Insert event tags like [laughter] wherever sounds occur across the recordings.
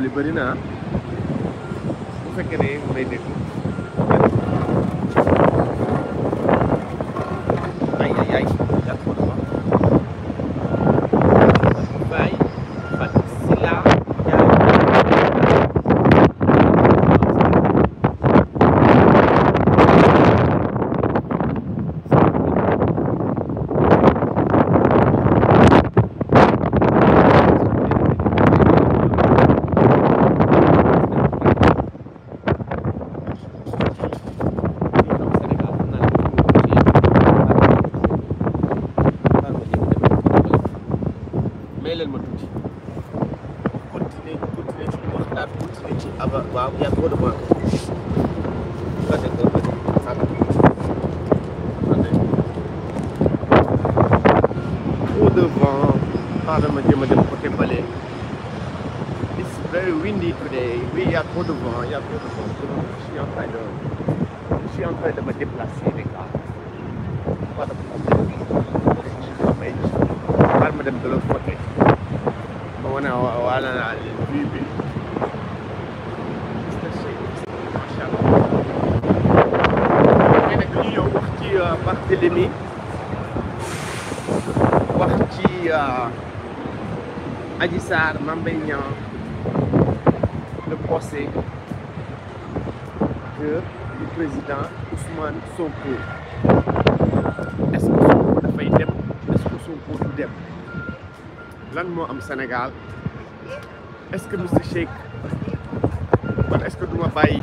loolu yi bëri na bu fekkee ne mu lay déglu Sarr Mame le procès de du président Ousmane Sonko est-ce que Sonko dafay dem est-ce que Sonko du dem lan moo am Sénégal est-ce que Monsieur Cheikh, est-ce que duma bàyyi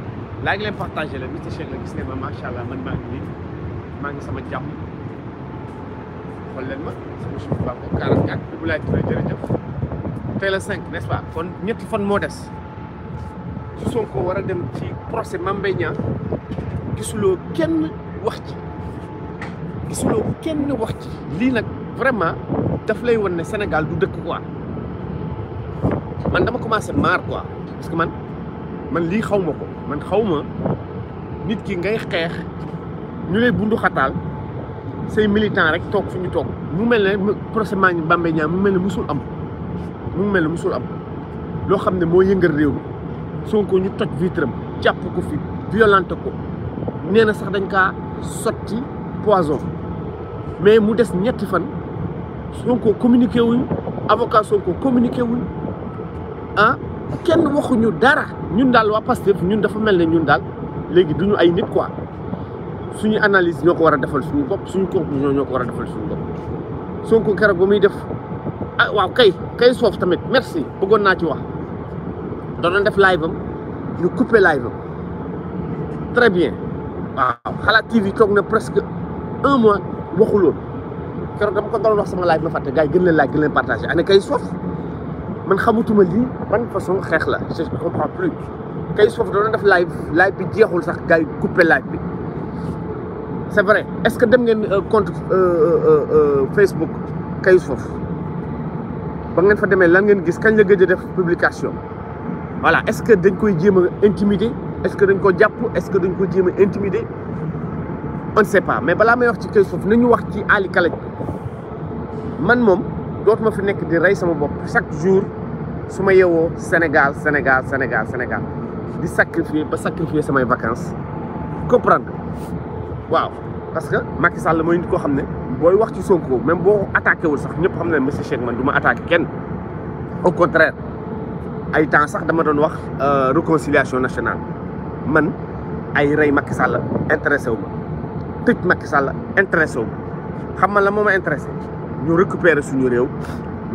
laa ngi leen partagé la Mister Shake la gis ne ma macha allah man maa ngi sama jàmm xool leen ma sama suuf baax ko 44 bu laay turee jërëjëf tey la 5 n'est-ce pas ñetti fan moo des su Sonko war a dem ci procès Mame Mbaye Niang gisuloo kenn wax ci gisuloo kenn wax ci lii nag vraiment daf lay won ne Sénégal du dëkk quoi man dama commencé maar quoi parce que man. man lii xaw ma ko man xaw ma nit ki ngay xeex ñu lay bundu xataal say militant rek toog fi ñu toog mu mel ne procès Mame Mbaye Niang mu mel ne mosul am mu mel ne musul am loo xam ne moo yëngal réew mi Sonko ñu toj vitram jàpp ko fi violente ko nee na sax dañ kaa sotti poison mais mu des ñetti fan Sonko communiqué wuñ avocat Sonko communiqué wuñ ah kenn waxuñu dara ñun daal wa pasteur ñun dafa mel ne ñun daal léegi duñu ay nit quoi suñu analyse ñoo ko war a defal suñu bopp suñu conclusion ñoo ko war a defal suñu bopp Sonko keroog ba muy def ah waaw kay kay soof tamit merci bëggoon naa ci wax doon def live am ñu coupé live am très bien waaw xalaat TV toog na presque un mois waxuloon keroog dama ko doon wax sama live ma fàtte gars yi gën leen laaj gën leen partagé ana kay soof man xamutuma lii ban façon xeex la je ne comprends plus kay foofu doon def live live bi jeexul sax gars yi coupé live bi c' est vrai est ce que dem ngeen euh, compte euh, euh, Facebook kay foofu ba ngeen fa demee lan ngeen gis kañ la gëj a def publication voilà est ce que dañ koy jéem a intimider est ce que dañ ko jàpp est ce que dañ ko jéem a intimider on ne sait pas mais balaa may wax ci kay foofu nañu wax ci Ali Kalaj man moom dootuma fi nekk di rey sama bopp chaque jour. su ma yewoo Sénégal Sénégal Sénégal Sénégal di sacrifier ba sacrifier samay vacances comprendre waaw parce que Macky Sall mooy nit koo xam ne booy wax ci Sonko même boo attaqué wul sax ñëpp xam ne monsieur Cheikh man du ma attaqué kenn au contraire ay temps sax dama doon wax euh, réconciliation nationale man ay rey Macky Sall intéressé wu ma tëj Macky Sall intéressé wu xam ma la moo ma intéressé ñu récupérer suñu réew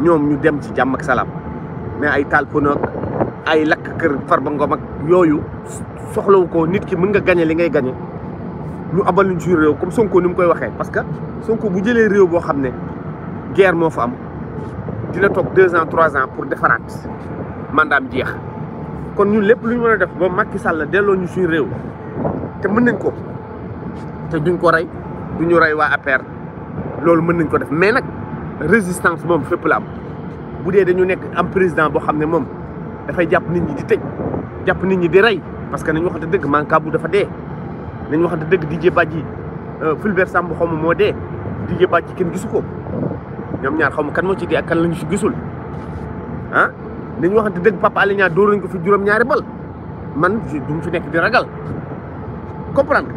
ñoom ñu dem ci jàmm ak salaam mais ay taal pono ay lakk kër Farba Ngom ak yooyu soxlawu ko nit ki mën nga gañe li ngay gañe ñu abal ñu ci réew comme Sonko ni mu koy waxee parce que Sonko bu jëlee réew boo xam ne guerre moo fa am dina toog deux ans trois ans pour defaraat mandaam jeex kon ñu lépp lu ñu mën a def ba Macky Sall delloo ñu suñu réew te mën nañ ko te duñ ko rey duñu rey waa APR loolu mën nañ ko def mais nag résistance moom fépp la am bu dee dañu nekk am président boo xam ne moom dafay jàpp nit ñi di tëj jàpp nit ñi di rey parce que nañu waxante dëgg Mancabou dafa dee nañu waxante dëgg Didier Badji euh, Fulbert Sambou xaw ma moo dee Didier Badji kenn gisu ko ñoom ñaar xaw ma kan moo ci dee ak kan lañu ci gisul ah nañu waxante dëgg Papa Alé Niang dóor nañ ko fi juróom-ñaari bal man du mu fi nekk di ragal comprendre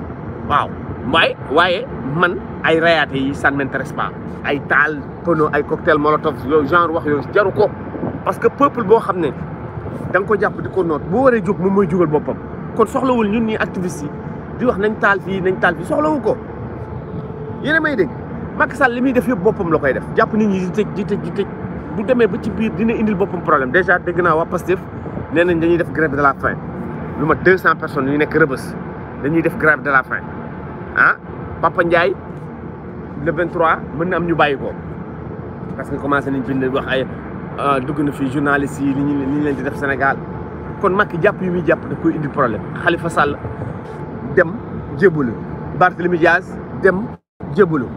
waaw waaye waaye man ay rayaate yi ça ne ay taal pono ay cocktail molotov yooyu genre wax yooyu jaru ko parce que peuple boo xam ne da nga ko jàpp di ko noot boo waree jóg moom mooy jógal boppam kon soxlawul ñun ñii activistes yi di wax nañ taal fii nañ taal fii soxlawu ko yéen may dégg Macky Sall li muy def yëpp boppam la koy def jàpp nit ñi di tëj bu demee ba ci biir dina indil boppam problème déjà dégg naa waa Pastef nee nañ dañuy def grève de la faim lu ma 200 personnes yu nekk rëbës dañuy def grève de la faim ah Papa Ndiaye le 23 mën na am ñu bàyyi ko parce que commencé nañ bind wax ay euh, dugg na fii journaliste yi li ñu li ñu leen def Sénégal kon Macky jàpp yu muy jàpp da koy indi problème Khalifa Sall dem jébalu Barthélemy Diaz dem jébalu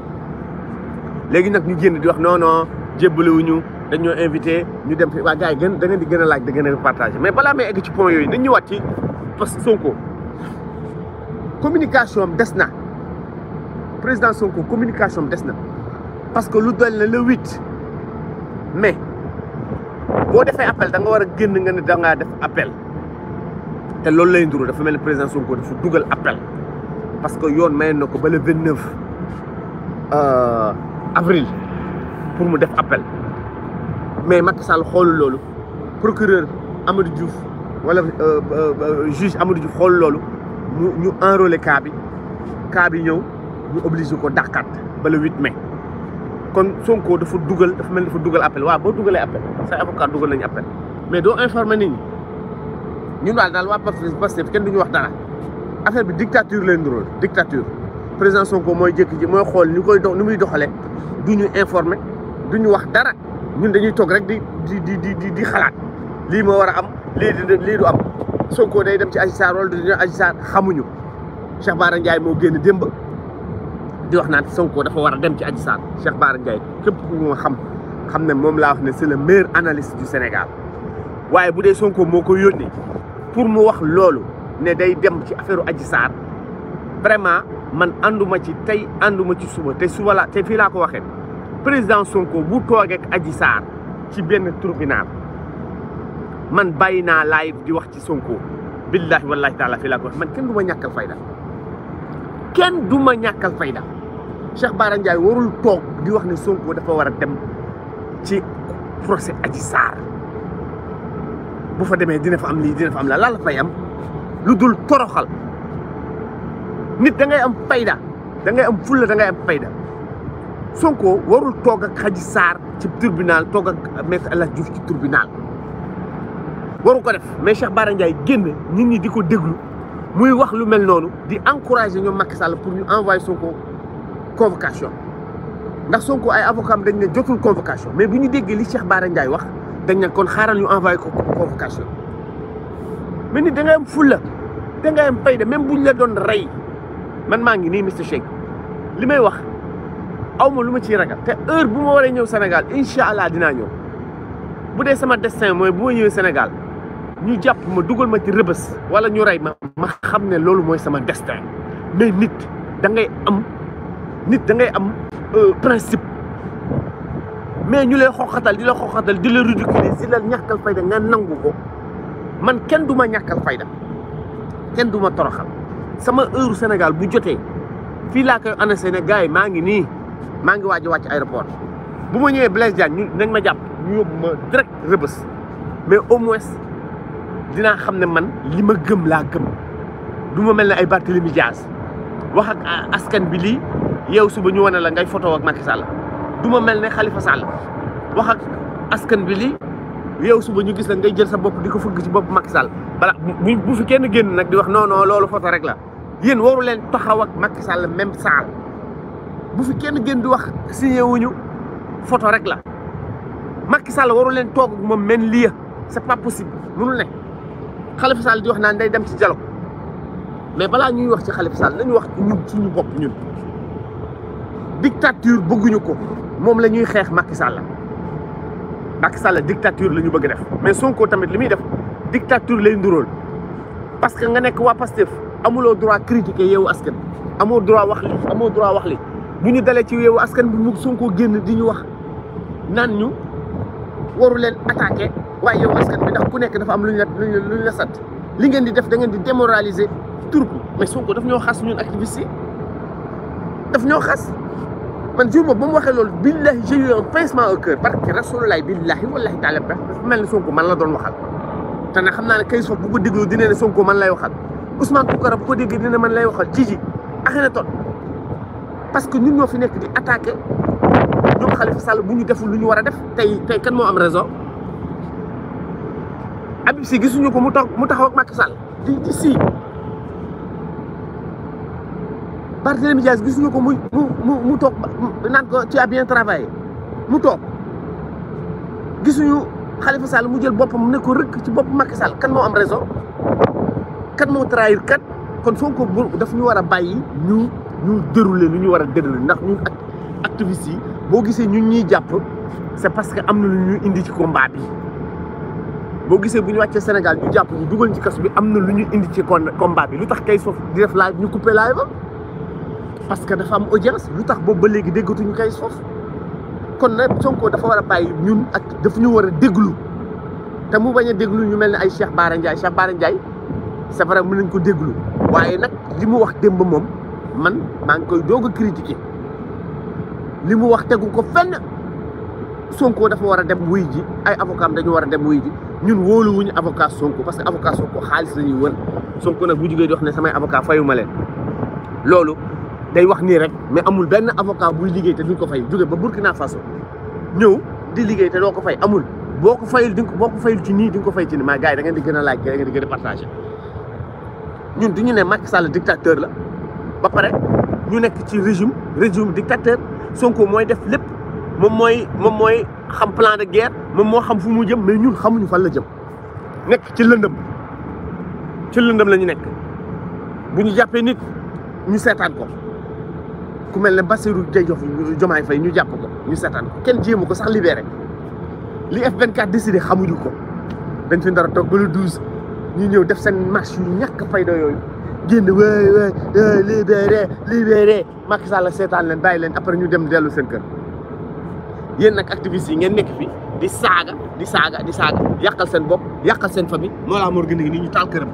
léegi nag ñu génn di wax non non jébaluwuñu dañoo invité ñu dem fi waa gars yi di gën laaj da ngeen a partagé mais balaa may egg ci point yooyu nañ ñëwaat ci parce que Sonko communication des na. président Sonko communication desna parce que lu dal le 8 mai bo defé appel da nga wara genn nga ne da nga def appel té lolou lay nduru dafa mel président Sonko dafa dugal appel parce que yone may nako ba le 29 euh, avril pour mu def appel mais Macky Sall xoolu lolou procureur Amadou Diouf wala euh, euh, euh juge Amadou Diouf xoolu lolou ñu enrôler cas bi cas bi ñëw obligé de Dakar le 8 mai kon Sonko dafa dafa dafa appel appel say avocat appel mais doo informer nous ñi la Pastef kenn wax affaire de dictature dictature président Sonko jékki dox nous nous informer nous wax dara ñun dañuy rek di di di di am am Sonko day dem ci il Cheikh di wax naan Sonko dafa war a dem ci Adji Sarr Cheikh Bara Ndiaye képp ku ma xam xam ne moom laa wax ne c'est le meilleur analyste du Sénégal waaye bu dee Sonko moo ko yónnee pour mu wax loolu ne day dem ci affaire Adji Sarr vraiment man ànduma ci tey ànduma ci suba te suba la fii laa ko waxee président Sonko bu toogee ak Adji ci benn tribunal man bàyyi naa laay di wax ci Sonko billahi wallahi taala fii laa ko wax man kenn du ma ñàkkal fayda kenn du ma ñàkkal fayda Cheikh Bara Ndiaye warul toog di wax ne Sonko dafa war a dem ci procès aji Sarr bu fa demee dina fa am lii dina fa am la lan la fay am lu dul toroxal nit da ngay am fayda dangay am fulla da ngay am fayda Sonko warul toog ak Adji Sarr ci tribunal toog ak maître El Hadji Diouf ci tribunal waru ko def mais Cheikh Bara Ndiaye génn nit ñi di ko déglu muy wax lu mel noonu di encourager ñoom Macky Sall pour ñu envoyer Sonko convocation ndax Sonko ay avocat dañ ne jotul convocation mais bu ñu déggee li Cheikh Bara Ndiaye wax dañ ne kon xaaral ñu envoyé ko convocation mais ni da am fulla da ngay am fayda même bu la doon rey man maa ngi nii Mister li may wax aw ma lu ma ciy ragal te heure bu ma ñëw Sénégal incha allah dinaa ñëw bu dee sama destin mooy bu ñëwee Sénégal ñu jàpp ma ma ci rëbës wala ñu rey ma xam ne loolu mooy sama destin mais nit da am. nit da ngay am euh, principe mais ñu lay xoxatal di la xoxatal di la ridiculer di la ñakkal fayda nga nangu ko man kenn duma ñakkal fayda kenn duma toroxal sama heure senegal bu jotee fi la koy ané ne gars yi ngi ni ma ngi waji wacc aéroport bu ma ñëwé Blaise Diagne ñu nañ ma japp ñu yob ma direct rebeus mais au moins dina xamné man lima gëm la gëm duma melni ay Barthélemy Diaz wax ak askan bi li yow suba ñu wone la ngay photo ak Macky Sall duma Khalifa Sall wax ak askan bi li yow suba ñu gis la ngay jël sa bop di fugg ci bop Macky Sall bala bu fi kenn genn nak di wax non non lolu photo rek la yeen waru len taxaw ak Macky Sall même Sall bu fi kenn genn di wax signé wuñu photo rek la Macky Sall waru len tok ak mom men liya c'est pas possible munu ne Khalifa Sall di wax naan day dem ci dialogue mais bala ñuy wax ci Khalifa Sall wax ci ñu bop ñun. dictature bëgguñu ko moom la ñuy xeex Macky Sall Macky Sall dictature la ñu bëgg def mais Sonko tamit li muy def dictature lay nduróol parce que nga nekk waa Pastef amuloo droit critiquer yeewu askan amoo droit wax amoo droit wax li bu ñu dalee ci yeewu askan bi mu Sonko génn di ñu wax naan ñu waru leen attaquer waaye yeewu askan bi ndax ku nekk dafa am lu ñu la lu sant li ngeen di def da ngeen di démoraliser troupe mais Sonko daf ñoo xas ñun activistes yi daf ñoo xas من جيو مبوم واخا لول بالله جيو بيس ما اوكر برك رسول الله بالله والله تعالى بره مال سونكو مان لا دون واخا تانا خمنا انا كايس فوك بوكو ديغلو دي نينا سونكو مان لاي واخا عثمان كوكو راه بوكو ديغ دي نينا مان لاي واخا جي جي اخينا تون باسكو نين نو في نيك دي اتاكي دوم خليفه سال بو ني ديفو لو ني ورا ديف تاي تاي كان مو ام ريزون حبيب سي غيسو نيو كو مو تاخو ماكي سال دي سي Barthélémy tu as bien travaillé Khalifa Sall mu jël raison kan trahir daf ñu a ñu ñu dérouler lu ñu wara déroulé, ndax ñun c'est parce que amna lu ñu indi ci combat bi bo Sénégal ñu japp ñu duggal ci kasse bi amna lu ñu indi ci combat bi parce que dafa am audience lu tax boobu ba léegi déggatuñu kay soof kon nag Sonko dafa war a bàyyi ñun ak dafa ñu war a déglu te mu bañ a déglu ñu mel ne ay Cheikh Bara Ndiaye Cheikh Bara Ndiaye c'est vrai mën nañ ko déglu waaye nag li mu wax démb moom man maa ngi koy doog a critiquer li mu wax tegu ko fenn Sonko dafa war a dem wuy ji ay avocat am dañu war a dem wuy ji ñun wóoluwuñu avocat Sonko parce que avocat xaalis la ñuy wër Sonko nag bu jugee di wax ne samay avocat fayu ma leen day wax nii rek mais amul benn avocat buy liggéey te duñ ko fay jóge ba naa Faso ñëw di liggéey te doo ko fay amul boo ko fayul di boo ko fayul ci nii di nga ko fay ci nii maa gars yi da ngeen di gën a like da di gën a ñun du ñu ne Macky Sall dictateur la ba pare ñu nekk ci régime régime dictateur Sonko mooy def lépp moom mooy moom mooy xam plan de guerre moom moo xam fu mu jëm mais ñun xamuñu fan la jëm nekk ci lëndëm ci lëndëm la nekk bu ñu jàppee nit ñu seetaan ko. ku melne ne Bassirou Diof Diomaye Faye ñu japp ko ñu seetaan ken djému ko sax libéré li F24 décidé xamuñu ko dañ fi dara tok ba le 12 ñu ñew def sen marche yu fay do yoy genn way way libéré libéré Macky Sall seetaan len bay len après ñu dem delu sen kër yeen nak activiste yi ngeen nek fi di saga di saga di saaga yàqal seen bopp yàqal seen famille mor gëndig ni ñu tal kërëm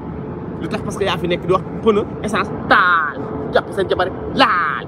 lutax parce que ya fi nek di wax pneu essence tal japp sen jabar laal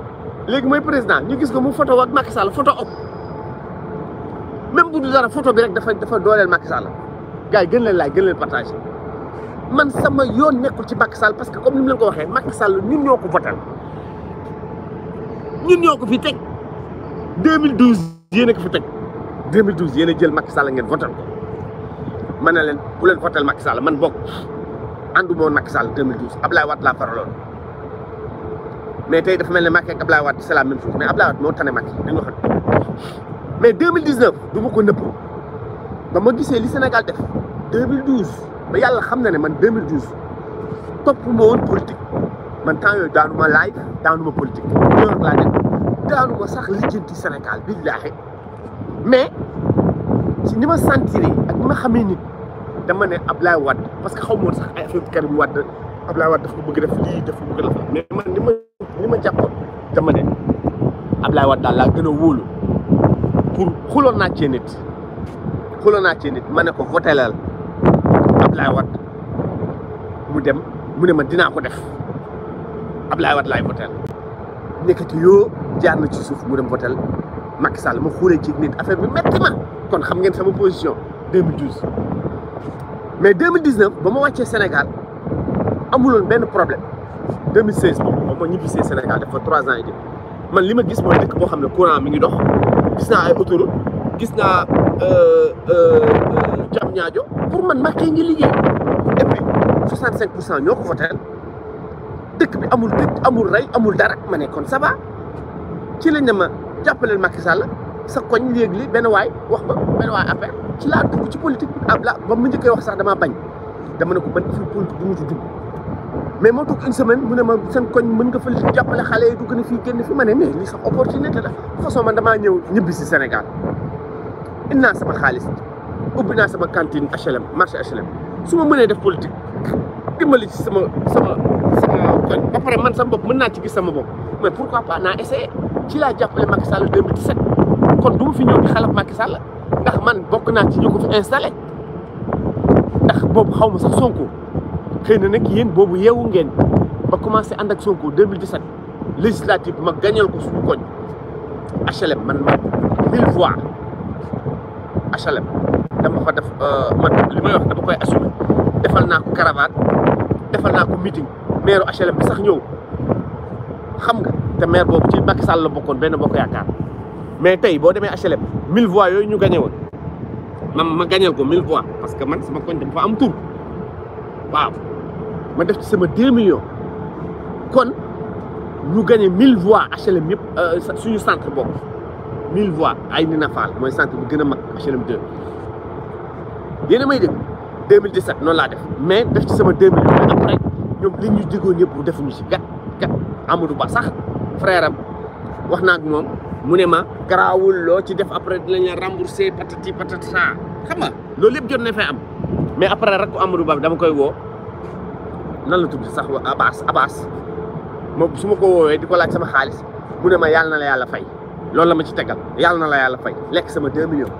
léegi mooy président ñu gis ko mu foto ak Macky Sall foto op même bu du dara photo bi rek dafa dafa dooleel Macky Sall gars yi gën leen laaj gën leen partagé man sama yoon nekkul ci Macky Sall parce que comme ni mu leen ko waxee Macky Sall ñun ñoo ko votal ñun ko fi teg 2012 yéen a ko fi teg 2012 yéen a jël Macky Sall ngeen votal ko man na leen bu leen votal Macky Sall man bokk ànduma woon Macky Sall 2012 Abdoulaye Wade laa faraloon mais tay dafa melni ne ak Abdoulaye c'est la même chose mais ablawat mo tane tane di nga xam mais 2019 du ma ko nëpp ba ma gisee li Sénégal def 2012 ba yàlla xam na ne man 2012 top mo won politique man tan yo daanu ma laaj daanu ma politique loolu la def daanu ma sax lijjanti Sénégal billahi mais ci ni ma sentir ak ni ma xamee nit dama ne Abdoulaye wad parce que xawmo sax ay affaire Karim wad Abdoulaye wad dafa bëgg def li dafa bëgg la mais man ni ma. li ma jàppoon dama ne Ablaye Wade daal laa gën a wóolu pour xuloon naa cee nit xuloon naa cee nit ma ne ko mu dem mu ne ma dinaa ko def Ablaye Wade laay votel nekkati yoo jaar na ci suuf mu dem votel Macky Sall ma xuuree ci nit affaire bi metti ma kon xam ngeen sama position mais 2019 ba ma wàccee Sénégal amuloon benn problème 2016 moom moom ma ñibbisee Sénégal def fa trois ans et demi man li ma gis mooy dëkk boo xam ne courant mi ngi dox gis naa ay autoroute gis naa jam euh, euh, euh, ñaajo pour man Macky ngi liggéey et puis 65 pour cent ñoo ko voteel dëkk bi amul dëkk amul rey amul dara ma ne kon ça ci lañ ne ma jàppaleel Macky Sall sa koñ léegi li benn waay wax ma benn waay affaire ci laa dugg ci politique ab la ba mu njëkkee wax sax damaa bañ dama ne ko ban affaire politique bu mu ci dugg mais moo toog une semaine mu ne ma seen koñ mën nga fa jàppale xale yi dugg na fii génn fi ma ne mais lii sax opportunité la façon man damaa ñëw ñibbi si Sénégal indi sama xaalis ubbi naa sama cantine HLM marché HLM su ma mënee def politique dimbali ci sama sama sama koñ ba pare man sama bopp mën naa ci sama bopp mais pourquoi pas naa essayé ci laa jàppale Macky Sall 2017 kon du ma fi ñëw di xalaf Macky Sall ndax man bokk naa ci ñu ko boobu xaw ma sax Sonko xëy na nag yéen boobu yeewu ngeen ba commencé ànd ak Sonko 2017 législative ma gañal ko suñu man ma mille fois HLM dama def euh, man li may wax dama koy assumer defal naa ko caravane defal naa ko meeting maire HLM sax ñëw xam nga te maire boobu ci Macky bokkoon benn bokk yaakaar mais tey boo demee HLM mille voix yooyu ñu gañe woon man ma gañal ko mille voix parce que man sama koñ dama fa am tur waaw ma def ci sama deux millions kon ñu gagné mille voix HLM yëpp euh, suñu centre bopp mille voix ay Nina Fall mooy centre bu gën a mag HLM 2 yéen a may dégg 2017 noonu laa def mais def ci sama deux millions après ñoom li ñu digoon yëpp bu defuñu ci gat gat Amadou Ba sax frère wax naa ak moom mu ne ma garaawul loo ci def après dinañ la rembourser patati patata xam nga loolu yëpp jot na fay am mais après rek ko Amadou Ba dama koy woo. nan la tudd sax wa Abaas Abaas moom su ma ko woowee di laaj sama xaalis mu ne ma yàlla na la yàlla fay loolu la ma ci tegal yàlla na la yàlla fay lekk sama 2 millions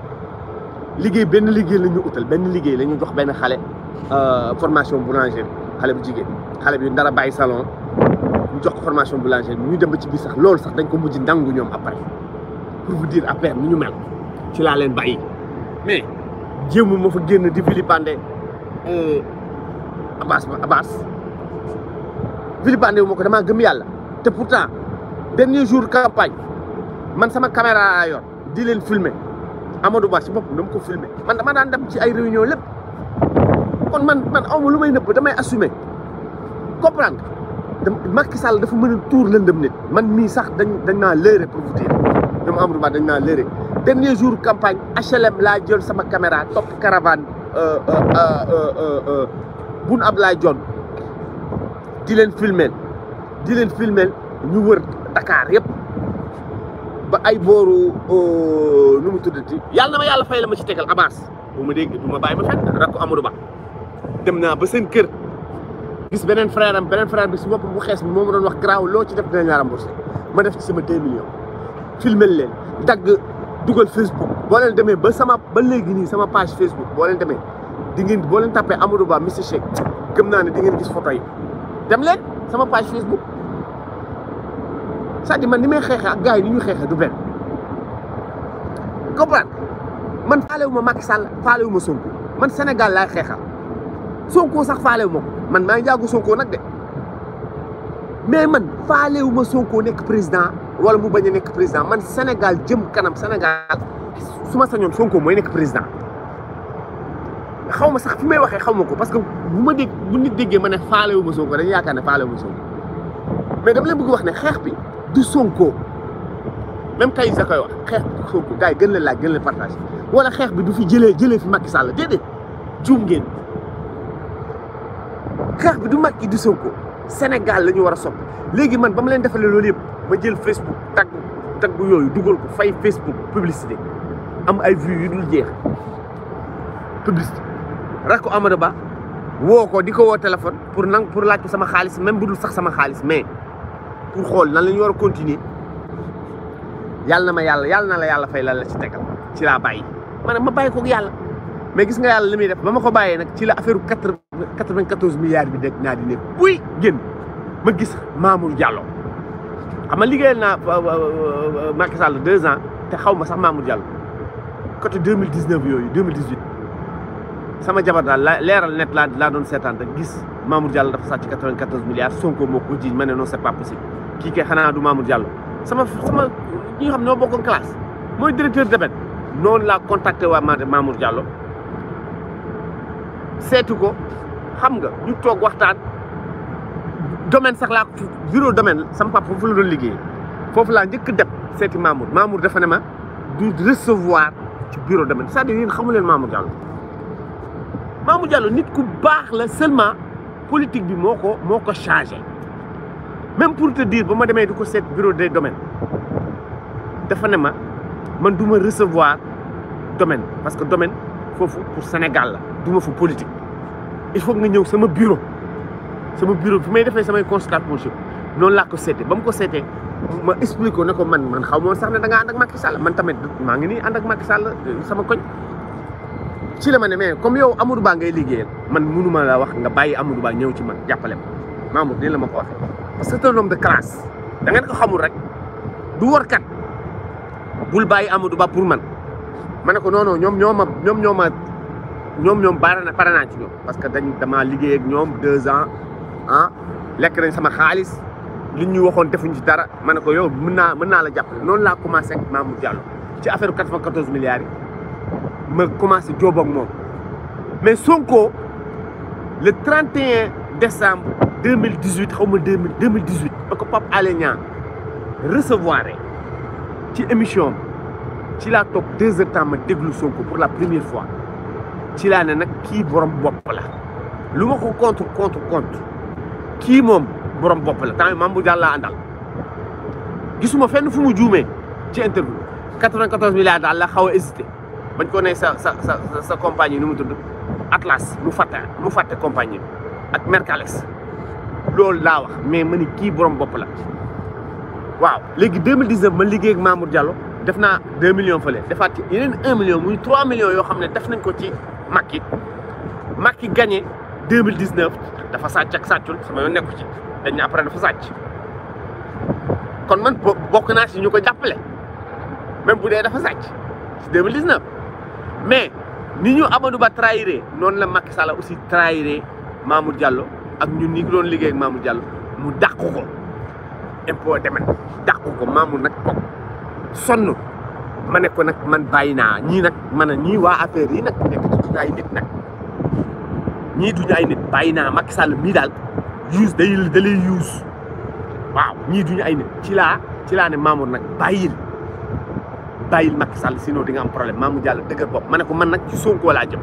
liggéey ben liggéey lañu outal ben benn lañu la ben xalé euh formation boulanger xalé bu jigéen xalé bi ndara bay salon ñu jox ko formation boulanger ñu dem ci biir sax loolu sax dañ ko mujj ndangu ñoom après pour vous dire après ñu mel ci la len bàyyi mais jéemu ma fa génn di vilipender euh, Abbas Abbas vilipendé wu ma ko damaa gëm yàlla te pourtant dernier jour campagne man sama caméra laa yor di leen filmer Amadou Ba si boppam dama ko filmer man dama daan dem ci ay réunion lépp kon man man awma lu may nëbb damay assume comprendre nga Macky Sall dafa mën tour la lëndëm nit man mii sax dañ dañ naa léere pour vous dire ñoom Amadou naa léere dernier jour campagne HLM laa jël sama caméra topp caravane euh, euh, euh, Boun Abdallah Dionne di leen filmeel di leen filmeel ñu wër Dakar yëpp ba ay booru euh, nu tuddati yàlla na ma yàlla fay la ma ci tegel Abbas bu ma dégg du ma bàyyi ma fenn rakk Amadou Ba dem naa ba seen kër gis beneen frère am beneen frère bi si bopp bu xees moom moo ma doon wax garaaw loo ci def dinañ la remboursé ma def ci sama 2 millions filmeel leen dagg dugal Facebook boo leen demee ba sama ba léegi nii sama page Facebook boo leen demee di ngeen boo leen tapé Amadou Ba Mister Shake gëm naa ne di ngeen gis photo yi dem leen sama page Facebook cest à man ni may xeexee ak gars yi nu ñuy xeexee du benn comprendre man faalewu ma Macky Sall faalewu ma Sonko man Sénégal laay xeexal Sonko sax faalewu ma man maa ngi jaagu nag de mais man faalewu ma Sonko nekk président wala mu bañ a nekk président man Sénégal jëm kanam Sénégal su ma sañoon Sonko mooy nekk président xaw ma sax fi may waxee xaw ma ko parce que bu ma dégg bu nit déggee ma ne faale wu ma Sonko dañu yaakaar ne faale wu ma mais dama leen bëgg wax ne xeex bi du sonkoo même kay sa koy wax xeex bi du Sonko gars yi gën la laaj gën la partage wala xeex bi du fi jëlee jëlee fi Macky Sall déedéet juum ngeen xeex bi du Macky du Sonko Sénégal la ñu war a soppi léegi man ba ma leen defalee loolu yëpp ma jël Facebook tag tag bu yooyu dugal ko fay Facebook publicité am ay vues yu dul jeex publicité. rakku Amadou Ba woo ko di ko woo téléphone pour nang pour laaj sama xaalis même bu dul sax sama xaalis mais pour xool nan la ñu war a continuer yàlla na ma yàlla yàlla na la yàlla fay lan la ci tegal ci laa bàyyi. maanaam ma bàyyi koog yàlla mais gis nga yàlla li muy def ba ma ko bàyyee nag ci la affaire quatre quatre vingt quatorze milliards bi nekk naa di nekk buy ma gis Mamour Diallo xam nga liggéeyal naa euh, euh, euh, Macky Sall deux ans te xaw ma sax Mamour Diallo côté deux mille dix neuf yooyu sama jabar daal la leeral net laa laa doon seetaan rek gis Mamour Diallo dafa sàcc 94 milliards Sonko moo ko jiiñ ma ne non c'est pas possible kii kay xanaa du Mamour Diallo sama sama ñi nga xam noo bokkoon classe mooy directeur debet noonu laa contacté waa Mamour Diallo ko xam nga ñu toog waxtaan domaine sax laa bureau domaine sama papa foofu la doon liggéey foofu laa njëkk deb seeti Mamour Mamour dafa ne ma du recevoir ci bureau domaine c'est-à-dire yéen xamu leen Mamour Mamou Diallo nit ku bax la seulement politique bi moko moko changer même pour te dire bama ma duko set bureau des domaines dafa néma man du recevoir domaine parce que domaine fofu pour Sénégal la du politique. il faut nga ñëw sama bureau sama bureau fumay défé sama constat monsieur non la ko sété bam ko sété ma expliqué ko ko man man xawmo sax ne da nga and ak Macky Sall man tamit maa ngi nii ànd ak Macky Sall sama koñ. ci la ma ne mais comme yow Amadou baa nga liggéeyal man mënu ma la wax nga bàyyi Amadou Ba ñëw ci man jàppale ma Mamour nii la ma ko waxee parce que c'est un de classe da ngeen ko xamul rek du warkat bul bàyyi Amadou Ba pour man ma ne ko non ñoom ñoo ma ñoom ñoo ma ñoom ñoom baara na pare naa ci ñoom parce que dañ damaa liggéey ak ñoom deux ans ah lekk nañ sama xaalis li ñu waxoon defuñ ci dara ma ne ko yow mun naa mën naa la jàppale noonu laa commencé ak Mamour Diallo ci affaire 94 milliards yi. mais commence job ak mais Sonko le 31 décembre 2018 xaw 2018 ba ko Pape Alé Niang recevoir ci émission ci la top 2 heures temps ma déglu Sonko pour la première fois ci la né nak ki borom bop la luma ko contre contre contre ki mom borom bop la temps yi Mamadou Diallo laa gisuma fenn fumu mu ci interview 94 milliards daal la xaw hésité bañ ko ne sa sa sa sa compagnie nu mu tudd Atlas mu fàtte mu fàtte compagnie ak Mercalès loolu laa wax mais ma ni kii borom bopp la waaw léegi 2019 ma liggéey ak Mamour def naa 2 millions fële defaat ci yeneen 1 million muy 3 millions yoo xam ne def nañ ko ci Macky Macky gagné 2019 dafa sàcc ak sàccul sama yoon nekku ci dañ ne après dafa sàcc kon man bokk naa si ñu ko jàppale même bu dee dafa sàcc si 2019. mais ni ñu Amadou Ba trahiré noonu la Macky Sall aussi trahiré Mamour Diallo ak ñun ñi doon liggéey ak jàllo Diallo mu dàq ko impôt demet dàq ko Mamour nag toog sonn ma ne ko man bàyyi naa ñii nag man a ñii waa affaire yi nag ay nit nag ñii duñu ay nit bàyyi naa Macky Sall mii daal use day da lay use waaw ñii duñu ay nit ci laa ci laa ne Mamour nag bàyyil bàyyil Macky Sall sinon di nga am problème Mamour Diallo dëgër bopp ma ne ko man nag ci Sonko laa jëm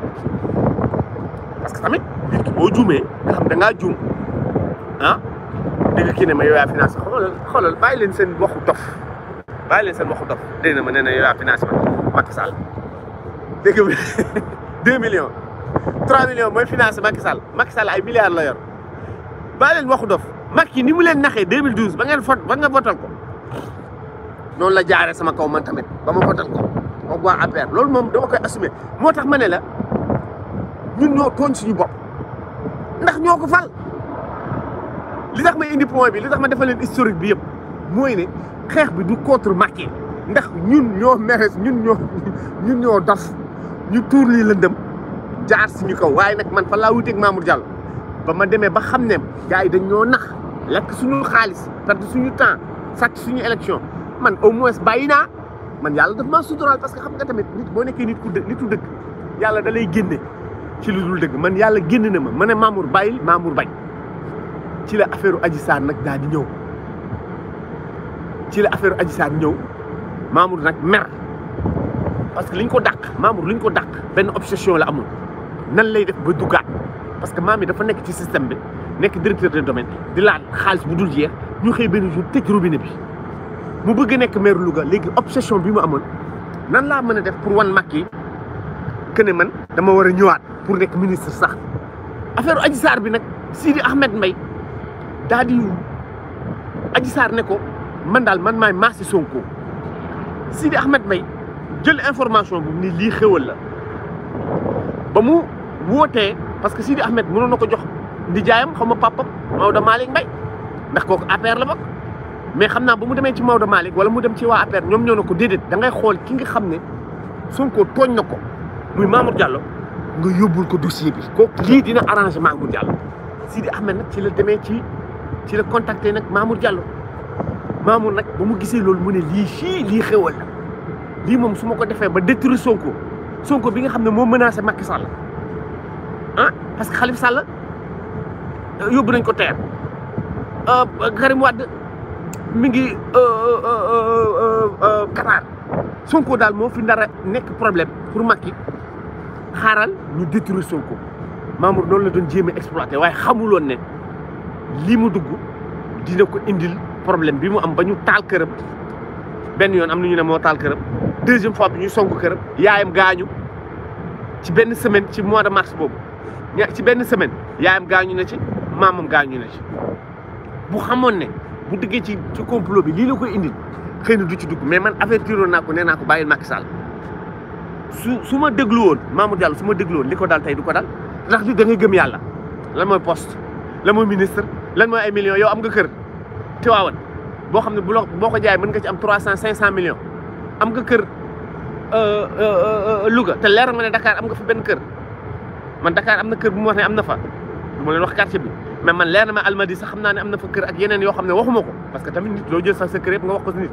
parce que tamit nit ki boo juumee nga xam da ngaa ah dégg kii ne ma yow yaa financé xoolal xoolal leen seen waxu dof bàyyi leen seen waxu dof dégg na ma nee na yow yaa financé Macky Sall dégg nga [laughs] mooy financé Macky Sall Macky Sall ay milliards la yor bàyyi leen waxu dof Macky ni mu leen naxee 2012 ba ngeen fot ba nga votal ko. noonu la jaaree sama kaw man tamit ba ma xotal ko moom waa APR loolu moom dama koy assumer moo tax ma ne la ñun ñoo tooñ suñu bopp ndax ñoo ko fal li tax ma indi point bi li tax ma defal leen historique bi yëpp mooy ne xeex bi du contre Macky ndax ñun ñoo meres ñun ñoo ñun ñoo dof ñu tuur lii lëndëm jaar suñu kaw waaye nag man fa laa wuteeg Mamour Diallo ba ma demee ba xam ne gars yi dañ ñoo nax lekk suñu xaalis perte suñu temps sàcc suñu élection man au moins bàyyi naa man yàlla daf maa suturaal parce que xam nga tamit nit boo nekkee nit ku dë nitu dëgg yàlla da lay génne ci lu dul dëgg man yàlla génn na ma ma ne Mamour bàyyil Mamour bañ ci la affaire Adji Sarr nag daal di ñëw ci la affaire Adji ñëw Mamour nag mer parce que liñ ko dàq Mamour liñ ko dàq benn obsession la amul nan lay def ba duggaat parce que maam yi dafa nekk ci système bi nekk directeur de domaine di laal xaalis bu dul jeex ñu xëy benn jour bi. mu bëgg nekk maire Louga léegi obsession bi mu amoon nan laa mën a def pour wan Macky que ne man dama war a ñëwaat pour nekk ministre sax affaire Adji Sarr bi nag Sidi Ahmed Mbaye daa di Adji Sarr ne ko man daal man maay maasi Sonko Sidi Ahmed Mbaye jël information bi ni lii xéwal la ba mu wootee parce que Sidi Ahmed mënoon na ko jox nijaayam xaw ma papa Maodo Malick Mbaye ndax kooku APR la bokk mais xam naa ba mu demee ci Maodo Malick wala mu dem ci waa APR ñoom ñoo ne ko déedéet da ngay xool ki nga xam ne Sonko tooñ na ko muy Mamour Diallo nga yóbbul ko sii bi. kooku lii dina arrangé Mamour Diallo Sidi Ahmed nag ci la demee ci ci la contacté nag Mamour Diallo Mamour nag ba mu gisee loolu mu ne lii fii lii xéwal la lii moom su ma ko defee ba détruire Sonko Sonko bi nga xam ne moo menacé Macky Sall ah parce que Khalifa Sall euh, yóbbu nañ ko teer euh, Karim mi ngi euh, euh, euh, Qatar Sonko daal moo fi nar nekk problème pour Macky xaaral ñu détruire Sonko Mamour noonu la doon jéem a exploité waaye xamuloon ne lii mu dugg dina ko indil problème bi mu am ba ñu taal këram benn yoon am nu ñu ne moo taal këram deuxième fois bi ñu songu këram yaayam gaañu ci benn semaine ci mois de mars boobu ña ci benn semaine yaayam gaañu na ci maamam gaañu na ci bu xamoon ne. bu duggee ci ci complot bi li la koy indi xeyna du ci dugg mais man affaire naa ko nee ko bayil Macky Sall su su ma déglu Diallo su ma déglu dal tay du ko dal ndax di da ngay gëm Yalla lan moy poste lan moy ministre lan moy ay millions yow am nga kër Tiwaawan bo xam bu boko jaay mën nga ci am 300 500 millions am nga kër euh, euh, euh, Louga te leer nga ne Dakar am nga fa ben kër man Dakar am na kër bu mo wax amna am fa du len wax quartier bi mais man leer na ma almadi sax xam naa ne am na fa kër ak yeneen yoo xam ne waxuma ko parce que tamit nit loo jël sa secret yëpp nga wax ko nit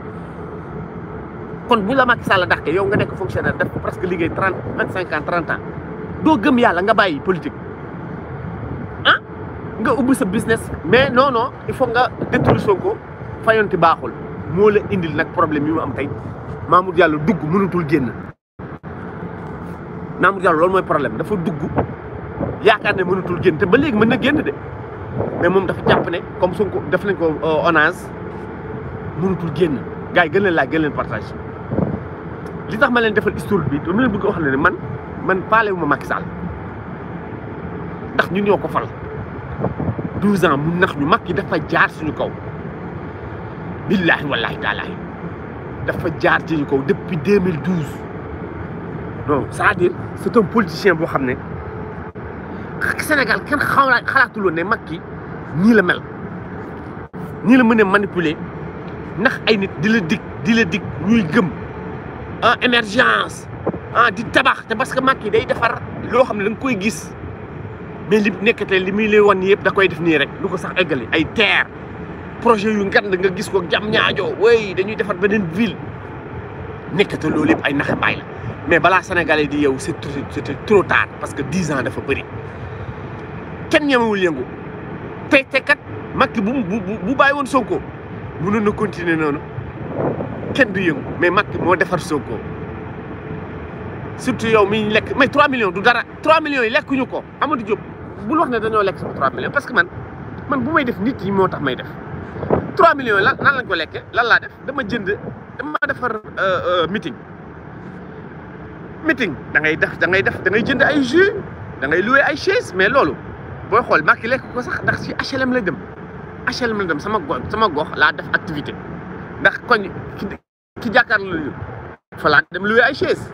kon bu la Macky Sall dàqee yow nga nekk fonctionnaire def ko presque liggéey 30 25 ans 30 ans doo gëm yàlla nga bàyyi politique ah nga ubbi sa business mais non non il faut nga détruire détour ko fayonti baaxul moo la indil nag problème yi mu am tey Mamour Diallo dugg mënutul génn Mamour Diallo loolu mooy problème dafa dugg yaakaar ne mënutul génn te ba léegi mën na génn de mais moom dafa jàpp ne comme ko def nañ ko euh, onage mënutul génn gars yi gën leen laaj gën leen partage li tax ma leen defal historique bi dama leen bëgg wax ne man man faale wu ma Macky Sall ndax ñu ñoo ko fal 12 ans mu nax ñu Macky dafa jaar suñu kaw billaahi wallaahi taalaahi dafa jaar ci ñu kaw depuis 2012 donc c'est-à-dire c'est un politicien boo xam ne. Sénégal kenn xawla xalaatul woon ne mag ki ñii la mel ñii la mën a manipuler ndax ay nit di la dig di la dig ñuy gëm en émergence ah di tabax te parce que mag ki day defar loo xam ne da koy gis mais li nekkatee li muy lay wan yëpp da koy def nii rek lu ko sax eggali ay terre projet yu ngand nga gis ko jam ñaajoo way dañuy defar beneen ville nekkate loolu yëpp ay naxabaay la mais balaa Sénégalais di yow c'est trop c'est trop tard parce que dix ans dafa bëri kenn ñemewul yëngu te te kat Macky bu bu bàyyi woon Sonko mënoon na continuer noonu kenn du yëngu mais Macky moo defar Sonko surtout yow mi ñu lekk mais 3 millions du dara 3 millions yi lekkuñu ko Amadou Diop bul wax ne dañoo lekk sama 3 millions parce que man man bu may def nit yi moo tax may def 3 millions yi lan lañ ko lekkee lan laa def dama jënd dama defar euh, euh, meeting. meeting da ngay def da ngay def da ngay jënd ay jus da ngay louer ay chaise mais loolu. booy xool Macky lekk ko sax ndax si HLM la dem HLM la dem sama gox sama gox laa def activité ndax koñ ki ki jàkkaarloo ñu fa laa dem luwee ay chaise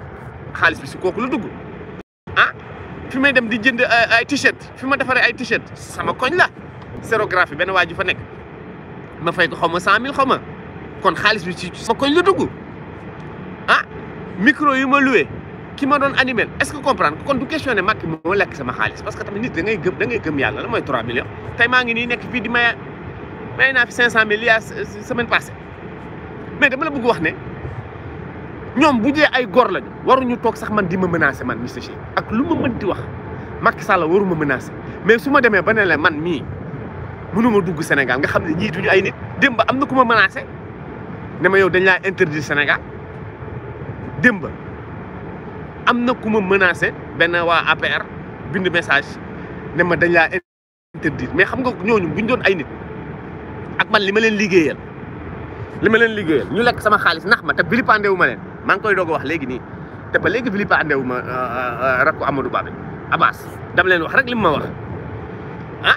xaalis bi si kooku lu dugg ah fi may dem di jënd ay t-shirt fi ma defaree ay t-shirt sama koñ la sérographie benn waa ji fa nekk ma fay ko xaw ma cent mille xaw ma kon xaalis bi si sama koñ lu dugg ah micro yi ma luwee ki ma don animal est ce que comprendre kon du questioner mak mo lek sama xaalis parce que tamit nit da ngay gëm da ngay gëm yalla la moy 3 millions tay ma ngi ni nek fi di may may na fi 500 millions semaine passée mais dama la bëgg wax né ñom bu jé ay gor lañ waru ñu tok sax man di ma menacer man Mister Shake ak lu ma mënti wax mak sala waru ma menacer mais suma démé demee ba ne la man mii mënuma dugg Sénégal nga xamné ñi duñu ay nit demba amna kuma menacer ne ma yow dañ la interdire Sénégal demba amna kuma menacer ben wa APR bind message ne ma dañ la interdire mais xam nga ñooñu buñ doon ay nit ak man lima leen liggéeyal li leen ñu lek sama xaliss nax ma te vilipendé wu ma leen maa ngi koy dogo wax léegi ni te ba légui wu ma euh, euh, euh, rakku Amadou Babé Abbas dam leen wax rek wax ah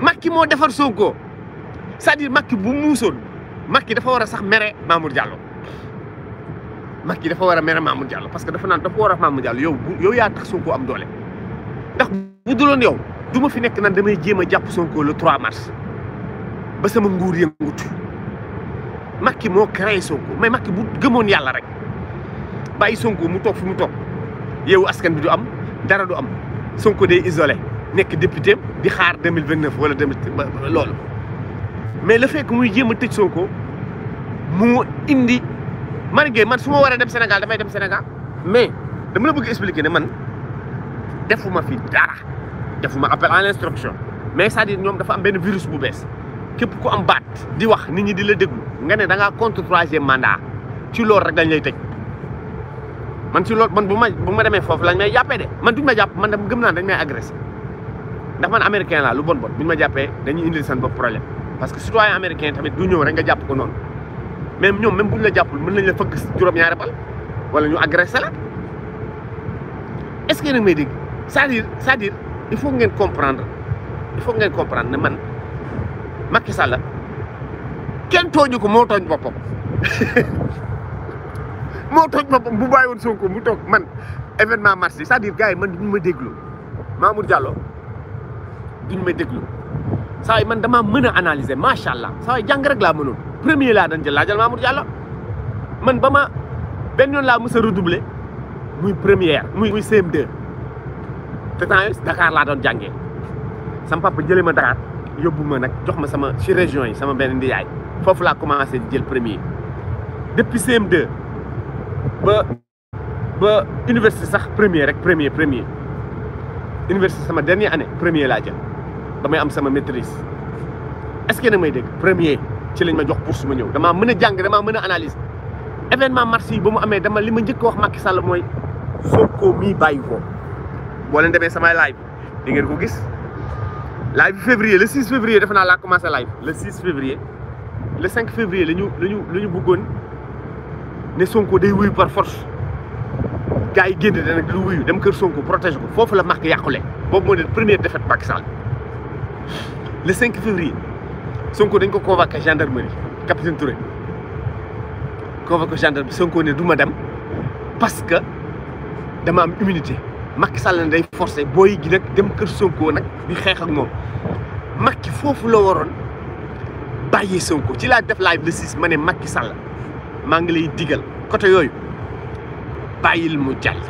Macky mo défar Sonko c'est-à-dire Macky bu muusoon Macky dafa wara sax mere Mamour Diallo Macky dafa war a mere Mamour Diallo parce que dafa naan dafa war a Mamour Diallo yow yaa tax Sonko am doole ndax bu duloon yow du ma fi nekk nan damay jéem a jàpp Sonko le 3 mars ba sama nguur yëngut Macky moo créé Sonko mais Macky bu gëmoon yàlla rek bàyyi Sonko mu toog fi mu toog yow askan bi du am dara du am Sonko day isole nekk député di xaar 2029 wala 20 loolu mais la fait que muy jéem a tëj Sonko mu indi. man gay man su wara dem senegal damay dem senegal mais dama la bëgg expliquer né man defuma fi dara defuma appel à l'instruction mais ça dit ñom dafa am ben virus bu bees képp ku am baat di wax nit ñi di la dégg nga né da nga contre troisième mandat ci lool rek lañ lay tej man ci lool man buma buma démé fofu lañ may yappé dé man duñ ma japp man dama gëm naa dañ may agresser ndax man américain la lu bon bon buñ ma jappé dañuy indi sen bop problème parce que citoyen américain tamit du ñëw rek nga japp ko non même ñoom même bu ñu la jàppul mën nañ la fëgg juróom-ñaari bal wala ñu agressé la est-ce que nag may dégg c'est-à-dire cest il faut ngeen comprendre il faut ngeen comprendre ne man Macky Sall kenn tooñu ko moo tooñ boppam [laughs] moo tooñ boppam bu bàyyi woon ko mu toog man événement mars yi c'est-à-dire gars yi man duñu ma déglu Mamour Diallo duñu ma déglu saway man dama meuna analyser machallah allah jang rek la mënoon premier la dañ jël laa jël Mamour Diallo man bama ben yon la laa redoubler muy premier muy muy CM2 te Yo Dakar la don jangé sama papa jëlé ma Dakar yobuma nak jox ma sama ci région yi sama benn ndiyaay fofu la commencé jël premier depuis CM2 ba ba université sax premier rek premier premier université sama dernière année premier la jël. damay am sama maîtrise est-ce que na may dégg premier ci lañ ma jox bourse ma ñëw damaa mën a jàng damaa mën a analyse événement mars yi ba mu amee dama li ma njëkk wax Macky Sall mooy Sonko mii bàyyi ko boo leen samay live di ngeen ko gis live février le 6 février defe naa la commencé live le 6 février le 5 février la ñu la ñu la ñu bëggoon ne Sonko day wuyu par force gars yi génn da nag lu dem kër Sonko protège ko foofu la makk yàqule boobu moo ne première défaite Macky le cinq février Sonko dañ ko convoqué gendarmerie capitaine Touré convoqué gendarmerie Sonko ne duma dem parce que dama am immunité Macky Sall ne day forcé booy ji nag dem kër Sonko nag bi xeex ak moom Macky foofu la waroon bàyyee Sonko ci laa def live le 6 ma ne Macky Sall maa ngi lay digal côté yooyu bàyyil mu jàll